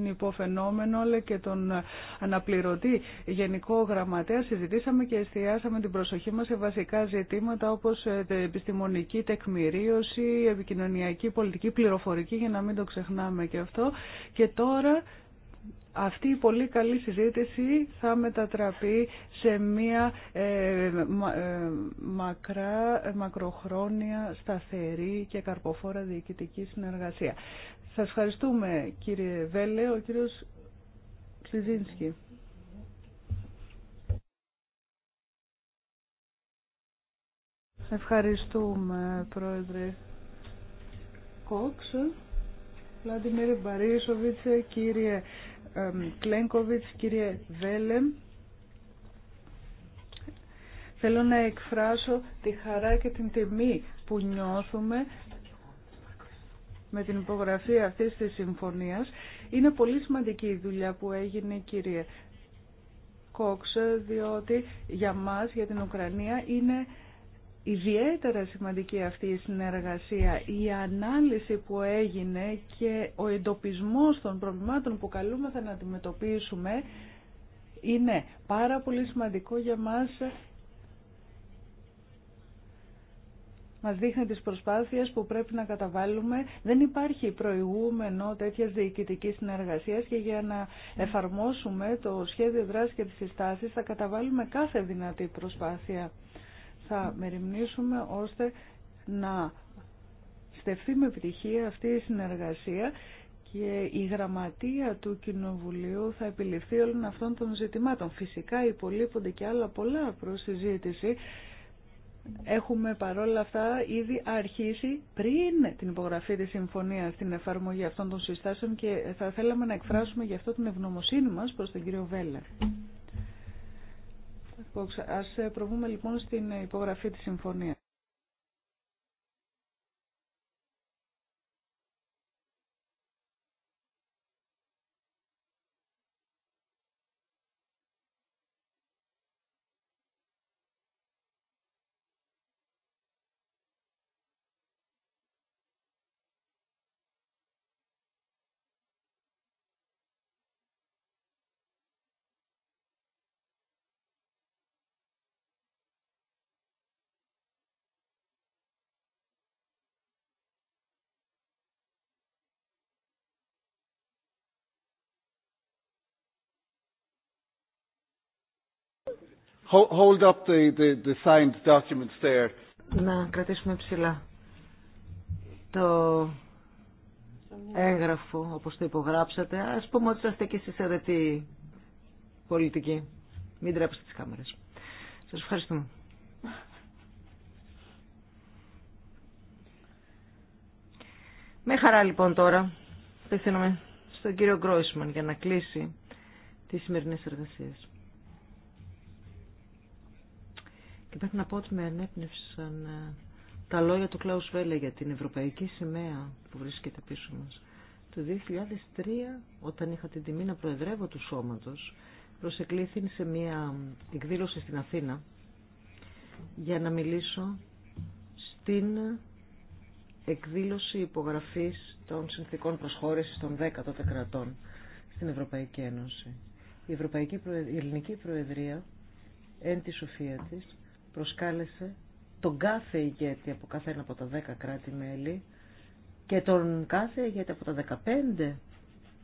υποφαινόμενο αλλά και τον αναπληρωτή γενικό γραμματέα συζητήσαμε και εστιάσαμε την προσοχή μας σε βασικά ζητήματα όπως ε, επιστημονική τεκμηρίωση, επικοινωνιακή, πολιτική, πληροφορική για να μην το ξεχνάμε και αυτό και τώρα αυτή η πολύ καλή συζήτηση θα μετατραπεί σε μια ε, ε, μακρά, μακροχρόνια, σταθερή και καρποφόρα διοικητική συνεργασία. Σας ευχαριστούμε κύριε Βέλε, ο κύριος Ξυζίνσκι. Ευχαριστούμε πρόεδρε Κόξ, Βλαντιμίρη Μπαρίσοβιτσε, κύριε Κλένκοβιτς, κύριε Βέλε. Θέλω να εκφράσω τη χαρά και την τιμή που νιώθουμε με την υπογραφή αυτής της συμφωνίας. Είναι πολύ σημαντική η δουλειά που έγινε κύριε Κόξ, διότι για μας, για την Ουκρανία, είναι ιδιαίτερα σημαντική αυτή η συνεργασία, η ανάλυση που έγινε και ο εντοπισμός των προβλημάτων που καλούμεθα να αντιμετωπίσουμε είναι πάρα πολύ σημαντικό για μας μας δείχνει τις προσπάθειες που πρέπει να καταβάλουμε. Δεν υπάρχει προηγούμενο τέτοια διοικητική συνεργασίας και για να εφαρμόσουμε το σχέδιο δράσης και τις συστάσεις θα καταβάλουμε κάθε δυνατή προσπάθεια. Θα μεριμνήσουμε ώστε να στεφθεί με επιτυχία αυτή η συνεργασία και η γραμματεία του Κοινοβουλίου θα επιληφθεί όλων αυτών των ζητημάτων. Φυσικά υπολείπονται και άλλα πολλά προς συζήτηση. Έχουμε παρόλα αυτά ήδη αρχίσει πριν την υπογραφή της συμφωνίας την εφαρμογή αυτών των συστάσεων και θα θέλαμε να εκφράσουμε γι' αυτό την ευγνωμοσύνη μας προς τον κύριο Βέλλα. Ας ε, προβούμε λοιπόν στην υπογραφή της συμφωνίας. Hold up the, the, the signed documents there. Να κρατήσουμε ψηλά το έγγραφο όπως το υπογράψατε. Ας πούμε ότι είστε και εσείς αιρετοί πολιτικοί. Μην τρέψετε τις κάμερες. Σας ευχαριστούμε. Με χαρά λοιπόν τώρα απευθύνομαι στον κύριο Γκρόισμαν για να κλείσει τις σημερινές εργασίες. Και πρέπει να πω ότι με ενέπνευσαν ε, τα λόγια του Κλάου Βέλε για την ευρωπαϊκή σημαία που βρίσκεται πίσω μας. Το 2003, όταν είχα την τιμή να προεδρεύω του σώματος, προσεκλήθη σε μια εκδήλωση στην Αθήνα για να μιλήσω στην εκδήλωση υπογραφής των συνθήκων προσχώρησης των 10 τότε κρατών στην Ευρωπαϊκή Ένωση. Η, Ευρωπαϊκή, Ελληνική Προεδρία, εν τη σοφία της, προσκάλεσε τον κάθε ηγέτη από κάθε ένα από τα 10 κράτη-μέλη και τον κάθε ηγέτη από τα 15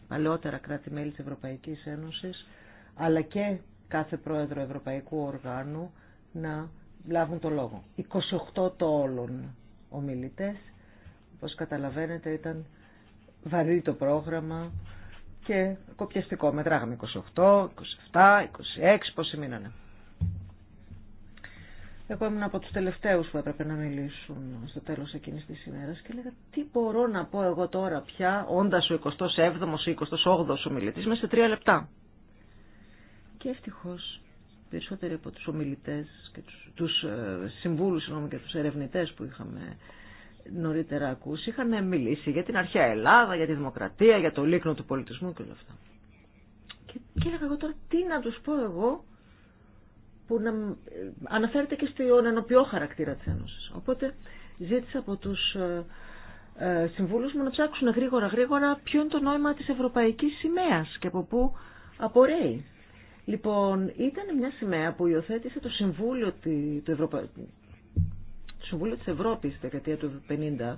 παλαιότερα κράτη-μέλη της Ευρωπαϊκής Ένωσης αλλά και κάθε πρόεδρο Ευρωπαϊκού Οργάνου να λάβουν το λόγο. 28 το όλων ομιλητές, όπως καταλαβαίνετε ήταν βαρύ το πρόγραμμα και κοπιαστικό. Μετράγαμε 28, 27, 26, πόσοι μείνανε. Εγώ ήμουν από τους τελευταίους που έπρεπε να μιλήσουν στο τέλος εκείνης της ημέρας και έλεγα τι μπορώ να πω εγώ τώρα πια, όντας ο 27ος ή 28ος ομιλητής, μέσα σε τρία λεπτά. Και ευτυχώς περισσότεροι από τους ομιλητές και τους, συμβούλου, ε, συμβούλους και τους ερευνητές που είχαμε νωρίτερα ακούσει, είχαν μιλήσει για την αρχαία Ελλάδα, για τη δημοκρατία, για το λίκνο του πολιτισμού και όλα αυτά. Και, και έλεγα εγώ τώρα τι να τους πω εγώ που να αναφέρεται και στον ενωπιό χαρακτήρα της Ένωσης. Οπότε ζήτησα από τους ε, ε, συμβούλους μου να ψάξουν γρήγορα γρήγορα ποιο είναι το νόημα της ευρωπαϊκής σημαίας και από πού απορρέει. Λοιπόν, ήταν μια σημαία που υιοθέτησε το Συμβούλιο, του Ευρωπα... το Συμβούλιο της Ευρώπης στη δεκαετία του 50,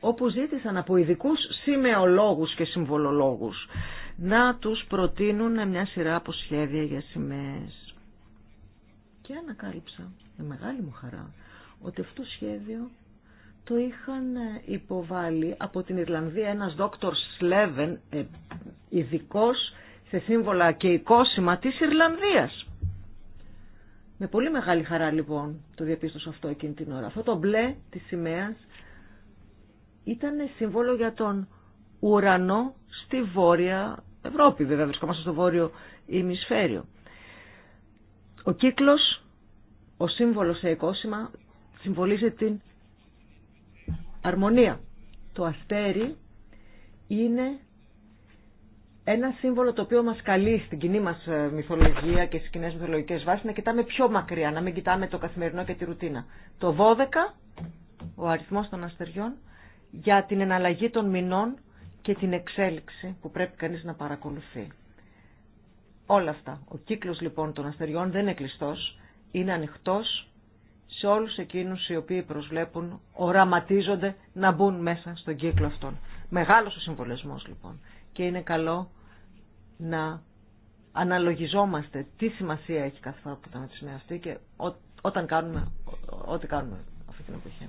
όπου ζήτησαν από ειδικού σημεολόγους και συμβολολόγους να τους προτείνουν μια σειρά από σχέδια για σημαίες και ανακάλυψα με μεγάλη μου χαρά ότι αυτό το σχέδιο το είχαν ε, υποβάλει από την Ιρλανδία ένας δόκτωρ Σλέβεν, ε, ειδικό σε σύμβολα και οικόσημα της Ιρλανδίας. Με πολύ μεγάλη χαρά λοιπόν το διαπίστωσα αυτό εκείνη την ώρα. Αυτό το μπλε της σημαίας ήταν σύμβολο για τον ουρανό στη Βόρεια Ευρώπη. Βέβαια βρισκόμαστε στο Βόρειο ημισφαίριο. Ο κύκλος, ο σύμβολος σε οικόσημα, συμβολίζει την αρμονία. Το αστέρι είναι ένα σύμβολο το οποίο μας καλεί στην κοινή μας ε, μυθολογία και στις κοινές μυθολογικές βάσεις να κοιτάμε πιο μακριά, να μην κοιτάμε το καθημερινό και τη ρουτίνα. Το 12, ο αριθμός των αστεριών, για την εναλλαγή των μηνών και την εξέλιξη που πρέπει κανείς να παρακολουθεί όλα αυτά. Ο κύκλος λοιπόν των αστεριών δεν είναι κλειστός, είναι ανοιχτός σε όλους εκείνους οι οποίοι προσβλέπουν, οραματίζονται να μπουν μέσα στον κύκλο αυτόν. Μεγάλος ο συμβολισμός λοιπόν και είναι καλό να αναλογιζόμαστε τι σημασία έχει κάθε φορά που τα μετρήσουμε αυτή και όταν κάνουμε ό,τι κάνουμε αυτή την εποχή.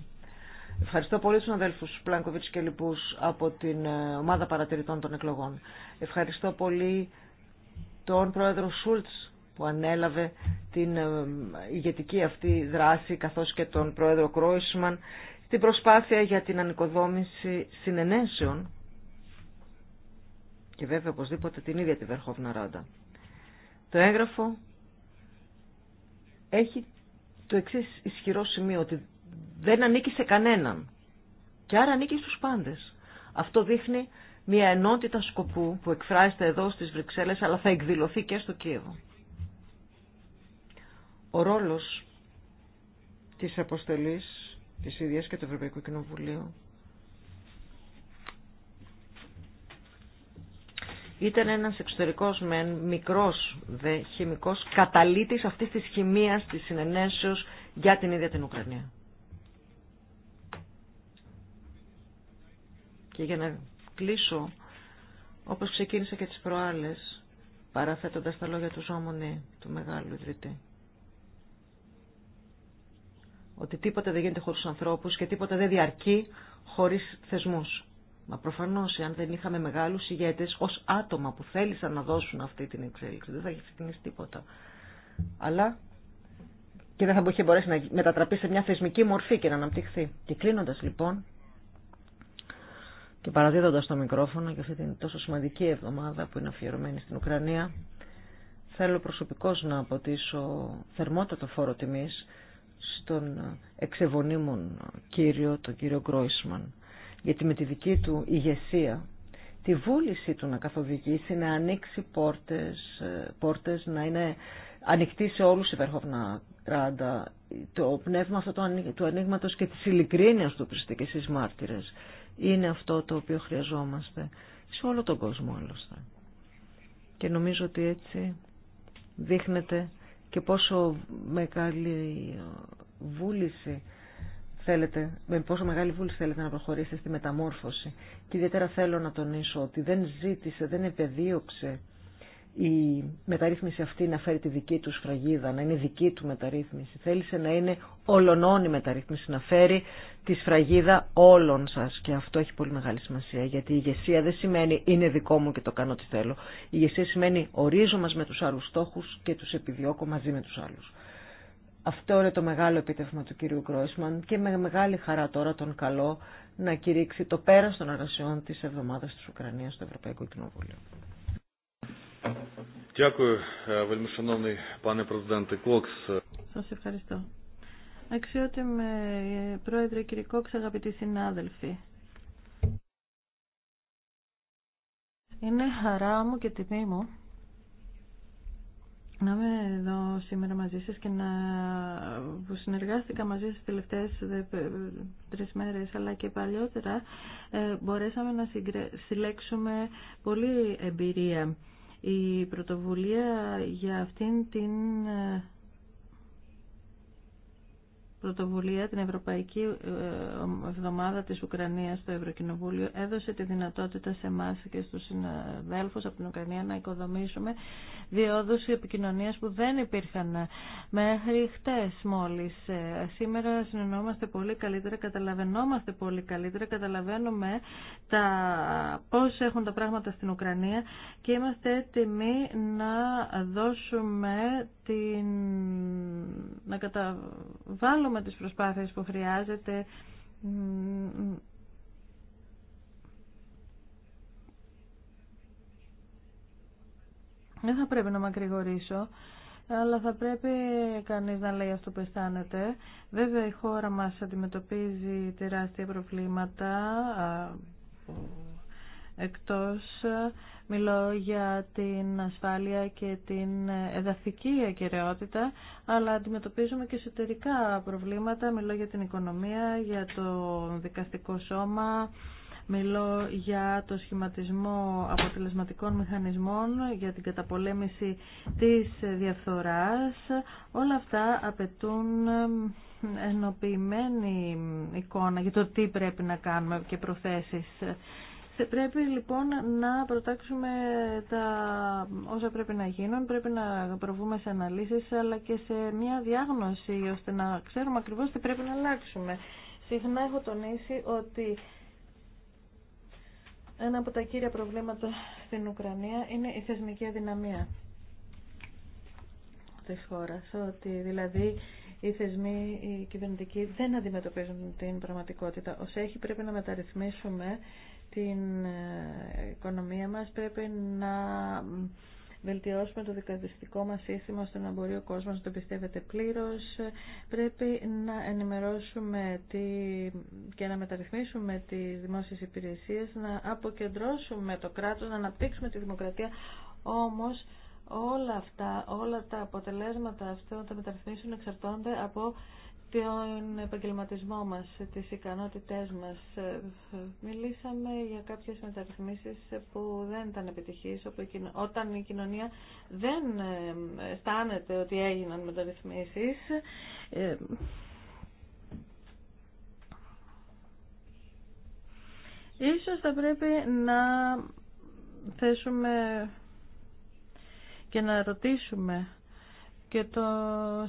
Ευχαριστώ πολύ τους αδέλφους Πλάνκοβιτς και λοιπούς από την ε, ομάδα παρατηρητών των εκλογών. Ευχαριστώ πολύ τον πρόεδρο Σούλτς που ανέλαβε την ε, ηγετική αυτή δράση καθώς και τον πρόεδρο Κρόισμαν στην προσπάθεια για την ανοικοδόμηση συνενέσεων και βέβαια οπωσδήποτε την ίδια τη Βερχόβνα Ράντα. Το έγγραφο έχει το εξής ισχυρό σημείο ότι δεν ανήκει σε κανέναν και άρα ανήκει στους πάντες. Αυτό δείχνει μια ενότητα σκοπού που εκφράζεται εδώ στις Βρυξέλλες αλλά θα εκδηλωθεί και στο Κίεβο. Ο ρόλος της αποστολής της ίδιας και του Ευρωπαϊκού Κοινοβουλίου ήταν ένας εξωτερικός μεν μικρός δε χημικός καταλήτης αυτής της χημίας της συνενέσεως για την ίδια την Ουκρανία. Και για να κλείσω όπως ξεκίνησα και τις προάλλες παραθέτοντας τα λόγια του Ζώμονη του Μεγάλου Ιδρυτή ότι τίποτα δεν γίνεται χωρίς ανθρώπους και τίποτα δεν διαρκεί χωρίς θεσμούς. Μα προφανώς, αν δεν είχαμε μεγάλους ηγέτες ως άτομα που θέλησαν να δώσουν αυτή την εξέλιξη, δεν θα είχε ξεκινήσει τίποτα. Αλλά και δεν θα είχε μπορέσει να μετατραπεί σε μια θεσμική μορφή και να αναπτυχθεί. Και κλείνοντας λοιπόν, και παραδίδοντας το μικρόφωνο για αυτή την τόσο σημαντική εβδομάδα που είναι αφιερωμένη στην Ουκρανία, θέλω προσωπικώς να αποτίσω θερμότατο φόρο τιμής στον εξεβονίμων κύριο, τον κύριο Γκρόισμαν, γιατί με τη δική του ηγεσία τη βούληση του να καθοδηγήσει, να ανοίξει πόρτες, πόρτες να είναι ανοιχτή σε όλους οι Βερχόβνα Ράντα, το πνεύμα αυτό του ανοίγματο και της ειλικρίνειας του πριστή είναι αυτό το οποίο χρειαζόμαστε σε όλο τον κόσμο άλλωστε. Και νομίζω ότι έτσι δείχνεται και πόσο μεγάλη βούληση θέλετε, με πόσο μεγάλη βούληση θέλετε να προχωρήσετε στη μεταμόρφωση. Και ιδιαίτερα θέλω να τονίσω ότι δεν ζήτησε, δεν επεδίωξε η μεταρρύθμιση αυτή να φέρει τη δική του σφραγίδα, να είναι δική του μεταρρύθμιση. Θέλησε να είναι ολονών η μεταρρύθμιση, να φέρει τη σφραγίδα όλων σα. και αυτό έχει πολύ μεγάλη σημασία γιατί η ηγεσία δεν σημαίνει είναι δικό μου και το κάνω τι θέλω. Η ηγεσία σημαίνει ορίζω μα με του άλλου στόχου και του επιδιώκω μαζί με του άλλου. Αυτό είναι το μεγάλο επίτευγμα του κύριου Κρόισμαν και με μεγάλη χαρά τώρα τον καλό να κηρύξει το πέρας των εργασιών τη εβδομάδα της Ουκρανίας στο Ευρωπαϊκό Κοινοβούλιο. Σας ευχαριστώ. Αξιότιμε ε, Πρόεδρε κύριε Κόξ, αγαπητοί συνάδελφοι. Είναι χαρά μου και τιμή μου να είμαι εδώ σήμερα μαζί σας και να που συνεργάστηκα μαζί σας τις τελευταίες τρεις μέρες αλλά και παλιότερα ε, μπορέσαμε να συλλέξουμε πολύ εμπειρία η πρωτοβουλία για αυτήν την ε, πρωτοβουλία, την Ευρωπαϊκή ε, Εβδομάδα της Ουκρανίας στο Ευρωκοινοβούλιο, έδωσε τη δυνατότητα σε εμά και στους συναδέλφους από την Ουκρανία να οικοδομήσουμε διόδους επικοινωνίας που δεν υπήρχαν μέχρι χτες μόλις. Ε, σήμερα συνεννόμαστε πολύ καλύτερα, καταλαβαίνόμαστε πολύ καλύτερα, καταλαβαίνουμε τα, πώς έχουν τα πράγματα στην Ουκρανία και είμαστε έτοιμοι να δώσουμε την... να καταβάλουμε τις προσπάθειες που χρειάζεται Δεν θα πρέπει να μακρηγορήσω, αλλά θα πρέπει κανείς να λέει αυτό που αισθάνεται. Βέβαια η χώρα μας αντιμετωπίζει τεράστια προβλήματα εκτός ε, μιλώ για την ασφάλεια και την εδαφική ακεραιότητα, αλλά αντιμετωπίζουμε και εσωτερικά προβλήματα, μιλώ για την οικονομία, για το δικαστικό σώμα, μιλώ για το σχηματισμό αποτελεσματικών μηχανισμών, για την καταπολέμηση της διαφθοράς. Όλα αυτά απαιτούν ε, ενοποιημένη εικόνα για το τι πρέπει να κάνουμε και προθέσεις. Πρέπει λοιπόν να προτάξουμε τα όσα πρέπει να γίνουν, πρέπει να προβούμε σε αναλύσεις αλλά και σε μια διάγνωση ώστε να ξέρουμε ακριβώς τι πρέπει να αλλάξουμε. Συχνά έχω τονίσει ότι ένα από τα κύρια προβλήματα στην Ουκρανία είναι η θεσμική αδυναμία της χώρας. Ότι δηλαδή οι θεσμοί, οι κυβερνητικοί δεν αντιμετωπίζουν την πραγματικότητα. Ως έχει πρέπει να μεταρρυθμίσουμε την ε, οικονομία μας πρέπει να βελτιώσουμε το δικαστικό μας σύστημα ώστε να μπορεί ο κόσμος να το πιστεύεται πλήρως. Πρέπει να ενημερώσουμε τη... και να μεταρρυθμίσουμε τις δημόσιες υπηρεσίες, να αποκεντρώσουμε το κράτος, να αναπτύξουμε τη δημοκρατία. Όμως όλα αυτά, όλα τα αποτελέσματα αυτών των μεταρρυθμίσεων εξαρτώνται από τον επαγγελματισμό μας, τις ικανότητές μας. Μιλήσαμε για κάποιες μεταρρυθμίσεις που δεν ήταν επιτυχείς, όταν η κοινωνία δεν ε, αισθάνεται ότι έγιναν μεταρρυθμίσεις. Ε, ίσως θα πρέπει να θέσουμε και να ρωτήσουμε και το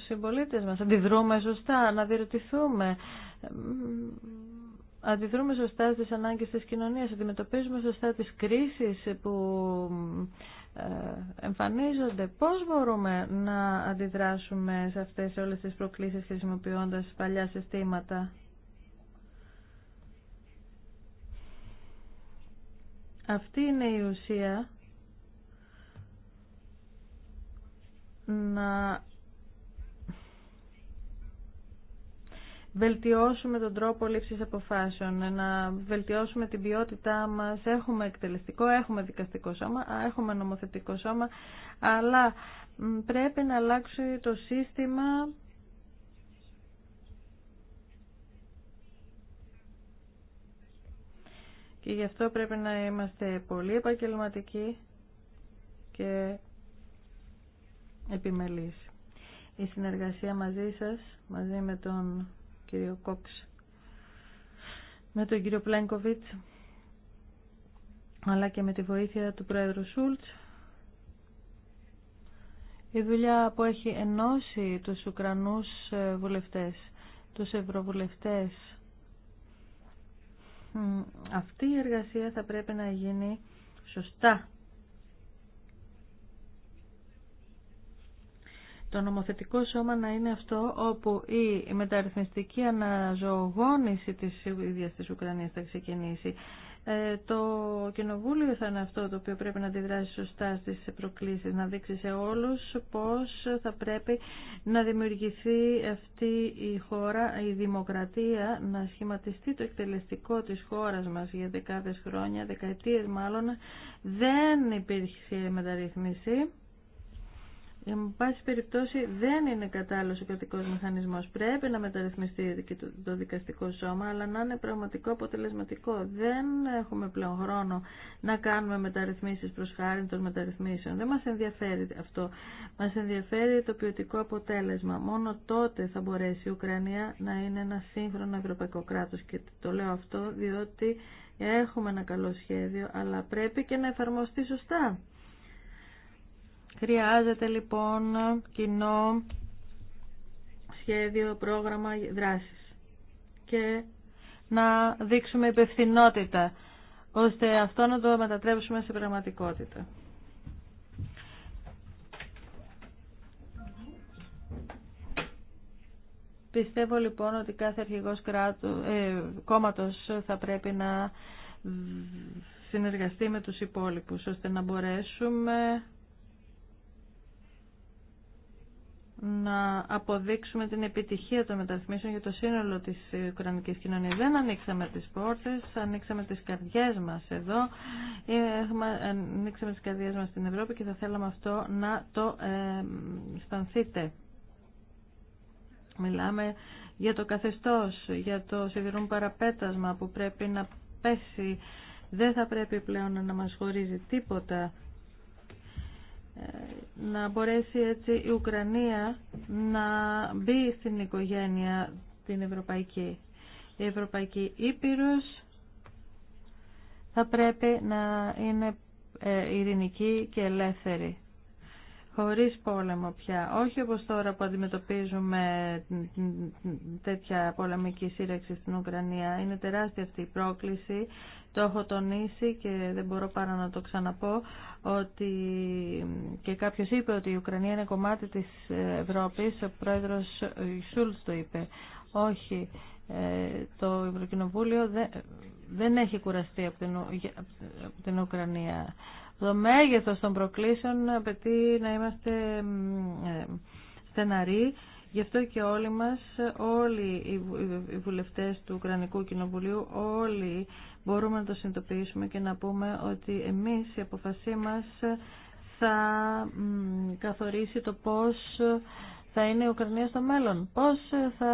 συμπολίτε μας. Αντιδρούμε σωστά, να διερωτηθούμε. Αντιδρούμε σωστά στις ανάγκες της κοινωνίας, αντιμετωπίζουμε σωστά τις κρίσεις που ε, εμφανίζονται. Πώς μπορούμε να αντιδράσουμε σε αυτές όλες τις προκλήσεις χρησιμοποιώντας παλιά συστήματα. Αυτή είναι η ουσία να βελτιώσουμε τον τρόπο λήψης αποφάσεων, να βελτιώσουμε την ποιότητά μας. Έχουμε εκτελεστικό, έχουμε δικαστικό σώμα, έχουμε νομοθετικό σώμα, αλλά πρέπει να αλλάξει το σύστημα και γι' αυτό πρέπει να είμαστε πολύ επαγγελματικοί και επιμελής. Η συνεργασία μαζί σας, μαζί με τον κύριο Κόξ, με τον κύριο Πλένκοβιτς, αλλά και με τη βοήθεια του Πρόεδρου Σούλτς, η δουλειά που έχει ενώσει τους Ουκρανούς ε, βουλευτές, τους Ευρωβουλευτές, αυτή η εργασία θα πρέπει να γίνει σωστά το νομοθετικό σώμα να είναι αυτό όπου η μεταρρυθμιστική αναζωογόνηση της ίδιας της Ουκρανίας θα ξεκινήσει. Ε, το Κοινοβούλιο θα είναι αυτό το οποίο πρέπει να αντιδράσει σωστά στις προκλήσεις, να δείξει σε όλους πώς θα πρέπει να δημιουργηθεί αυτή η χώρα, η δημοκρατία, να σχηματιστεί το εκτελεστικό της χώρας μας για δεκάδες χρόνια, δεκαετίες μάλλον. Δεν υπήρχε μεταρρύθμιση. Εν πάση περιπτώσει δεν είναι κατάλληλος ο κρατικός μηχανισμός. Πρέπει να μεταρρυθμιστεί και το δικαστικό σώμα, αλλά να είναι πραγματικό αποτελεσματικό. Δεν έχουμε πλέον χρόνο να κάνουμε μεταρρυθμίσεις προς χάρη των μεταρρυθμίσεων. Δεν μας ενδιαφέρει αυτό. Μας ενδιαφέρει το ποιοτικό αποτέλεσμα. Μόνο τότε θα μπορέσει η Ουκρανία να είναι ένα σύγχρονο ευρωπαϊκό κράτος. Και το λέω αυτό διότι έχουμε ένα καλό σχέδιο, αλλά πρέπει και να εφαρμοστεί σωστά. Χρειάζεται λοιπόν κοινό σχέδιο, πρόγραμμα δράσης και να δείξουμε υπευθυνότητα ώστε αυτό να το μετατρέψουμε σε πραγματικότητα. Πιστεύω λοιπόν ότι κάθε αρχηγός κράτου, ε, κόμματος θα πρέπει να συνεργαστεί με τους υπόλοιπους ώστε να μπορέσουμε να αποδείξουμε την επιτυχία των μεταρρυθμίσεων για το σύνολο της Ουκρανικής κοινωνίας. Δεν ανοίξαμε τις πόρτες, ανοίξαμε τις καρδιές μας εδώ, ανοίξαμε τις καρδιές μας στην Ευρώπη και θα θέλαμε αυτό να το ε, Μιλάμε για το καθεστώς, για το σιδηρούν παραπέτασμα που πρέπει να πέσει. Δεν θα πρέπει πλέον να μας χωρίζει τίποτα ε, να μπορέσει έτσι η Ουκρανία να μπει στην οικογένεια την Ευρωπαϊκή. Η Ευρωπαϊκή Ήπειρος θα πρέπει να είναι ε, ειρηνική και ελεύθερη. Χωρίς πόλεμο πια. Όχι όπως τώρα που αντιμετωπίζουμε τέτοια πολεμική σύρεξη στην Ουκρανία. Είναι τεράστια αυτή η πρόκληση το έχω τονίσει και δεν μπορώ παρά να το ξαναπώ ότι και κάποιος είπε ότι η Ουκρανία είναι κομμάτι της Ευρώπης, ο πρόεδρος Σούλτς το είπε. Όχι, ε, το Ευρωκοινοβούλιο δεν έχει κουραστεί από την Ουκρανία. Το μέγεθος των προκλήσεων απαιτεί να είμαστε ε, στεναροί Γι' αυτό και όλοι μας, όλοι οι βουλευτές του Ουκρανικού Κοινοβουλίου, όλοι μπορούμε να το συνειδητοποιήσουμε και να πούμε ότι εμείς η αποφασή μας θα καθορίσει το πώς θα είναι η Ουκρανία στο μέλλον. Πώς θα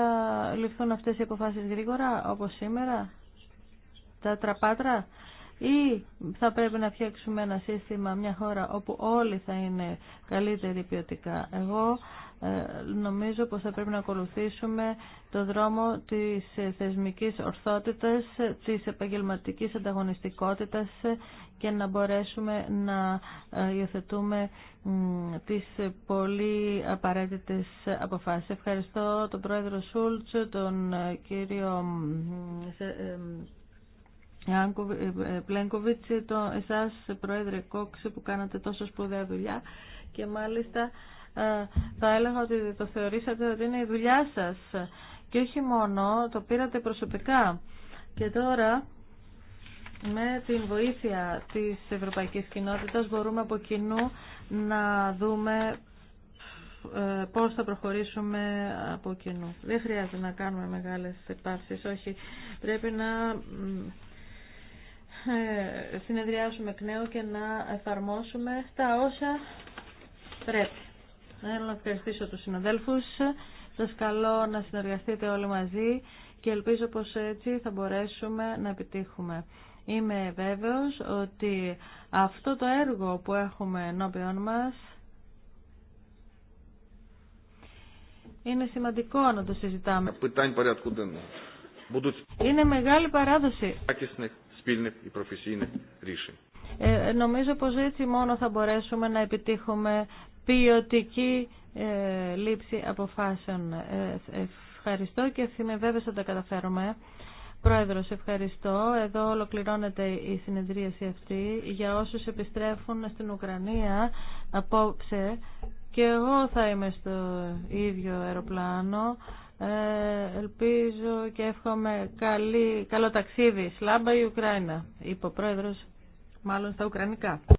ληφθούν αυτές οι αποφάσεις γρήγορα, όπως σήμερα, τα τραπάτρα ή θα πρέπει να φτιάξουμε ένα σύστημα, μια χώρα όπου όλοι θα είναι καλύτεροι ποιοτικά. Εγώ ε, νομίζω πως θα πρέπει να ακολουθήσουμε το δρόμο της ε, θεσμικής ορθότητας, ε, της επαγγελματικής ανταγωνιστικότητας και να μπορέσουμε να υιοθετούμε τις πολύ απαραίτητες αποφάσεις. Ευχαριστώ τον πρόεδρο Σούλτς, τον κύριο Πλένκοβιτς, εσάς πρόεδρε Κόξ που κάνατε τόσο σπουδαία δουλειά και μάλιστα ε, θα έλεγα ότι το θεωρήσατε ότι είναι η δουλειά σας και όχι μόνο, το πήρατε προσωπικά. Και τώρα με την βοήθεια της ευρωπαϊκής κοινότητας μπορούμε από κοινού να δούμε ε, πώς θα προχωρήσουμε από κοινού. Δεν χρειάζεται να κάνουμε μεγάλες επάρσεις, όχι. Πρέπει να ε, συνεδριάσουμε εκ νέου και να εφαρμόσουμε τα όσα πρέπει. Θέλω να ευχαριστήσω τους συναδέλφους. Σας καλώ να συνεργαστείτε όλοι μαζί και ελπίζω πως έτσι θα μπορέσουμε να επιτύχουμε. Είμαι βέβαιος ότι αυτό το έργο που έχουμε ενώπιον μας είναι σημαντικό να το συζητάμε. Είναι μεγάλη παράδοση. Ε, νομίζω πως έτσι μόνο θα μπορέσουμε να επιτύχουμε ποιοτική ε, λήψη αποφάσεων. Ε, ευχαριστώ και είμαι βέβαιος ότι τα καταφέρουμε. Πρόεδρος, ευχαριστώ. Εδώ ολοκληρώνεται η συνεδρίαση αυτή. Για όσους επιστρέφουν στην Ουκρανία απόψε, και εγώ θα είμαι στο ίδιο αεροπλάνο. Ε, ελπίζω και εύχομαι καλή, καλό ταξίδι. Σλάμπα η Ουκράινα, είπε ο πρόεδρος, μάλλον στα Ουκρανικά.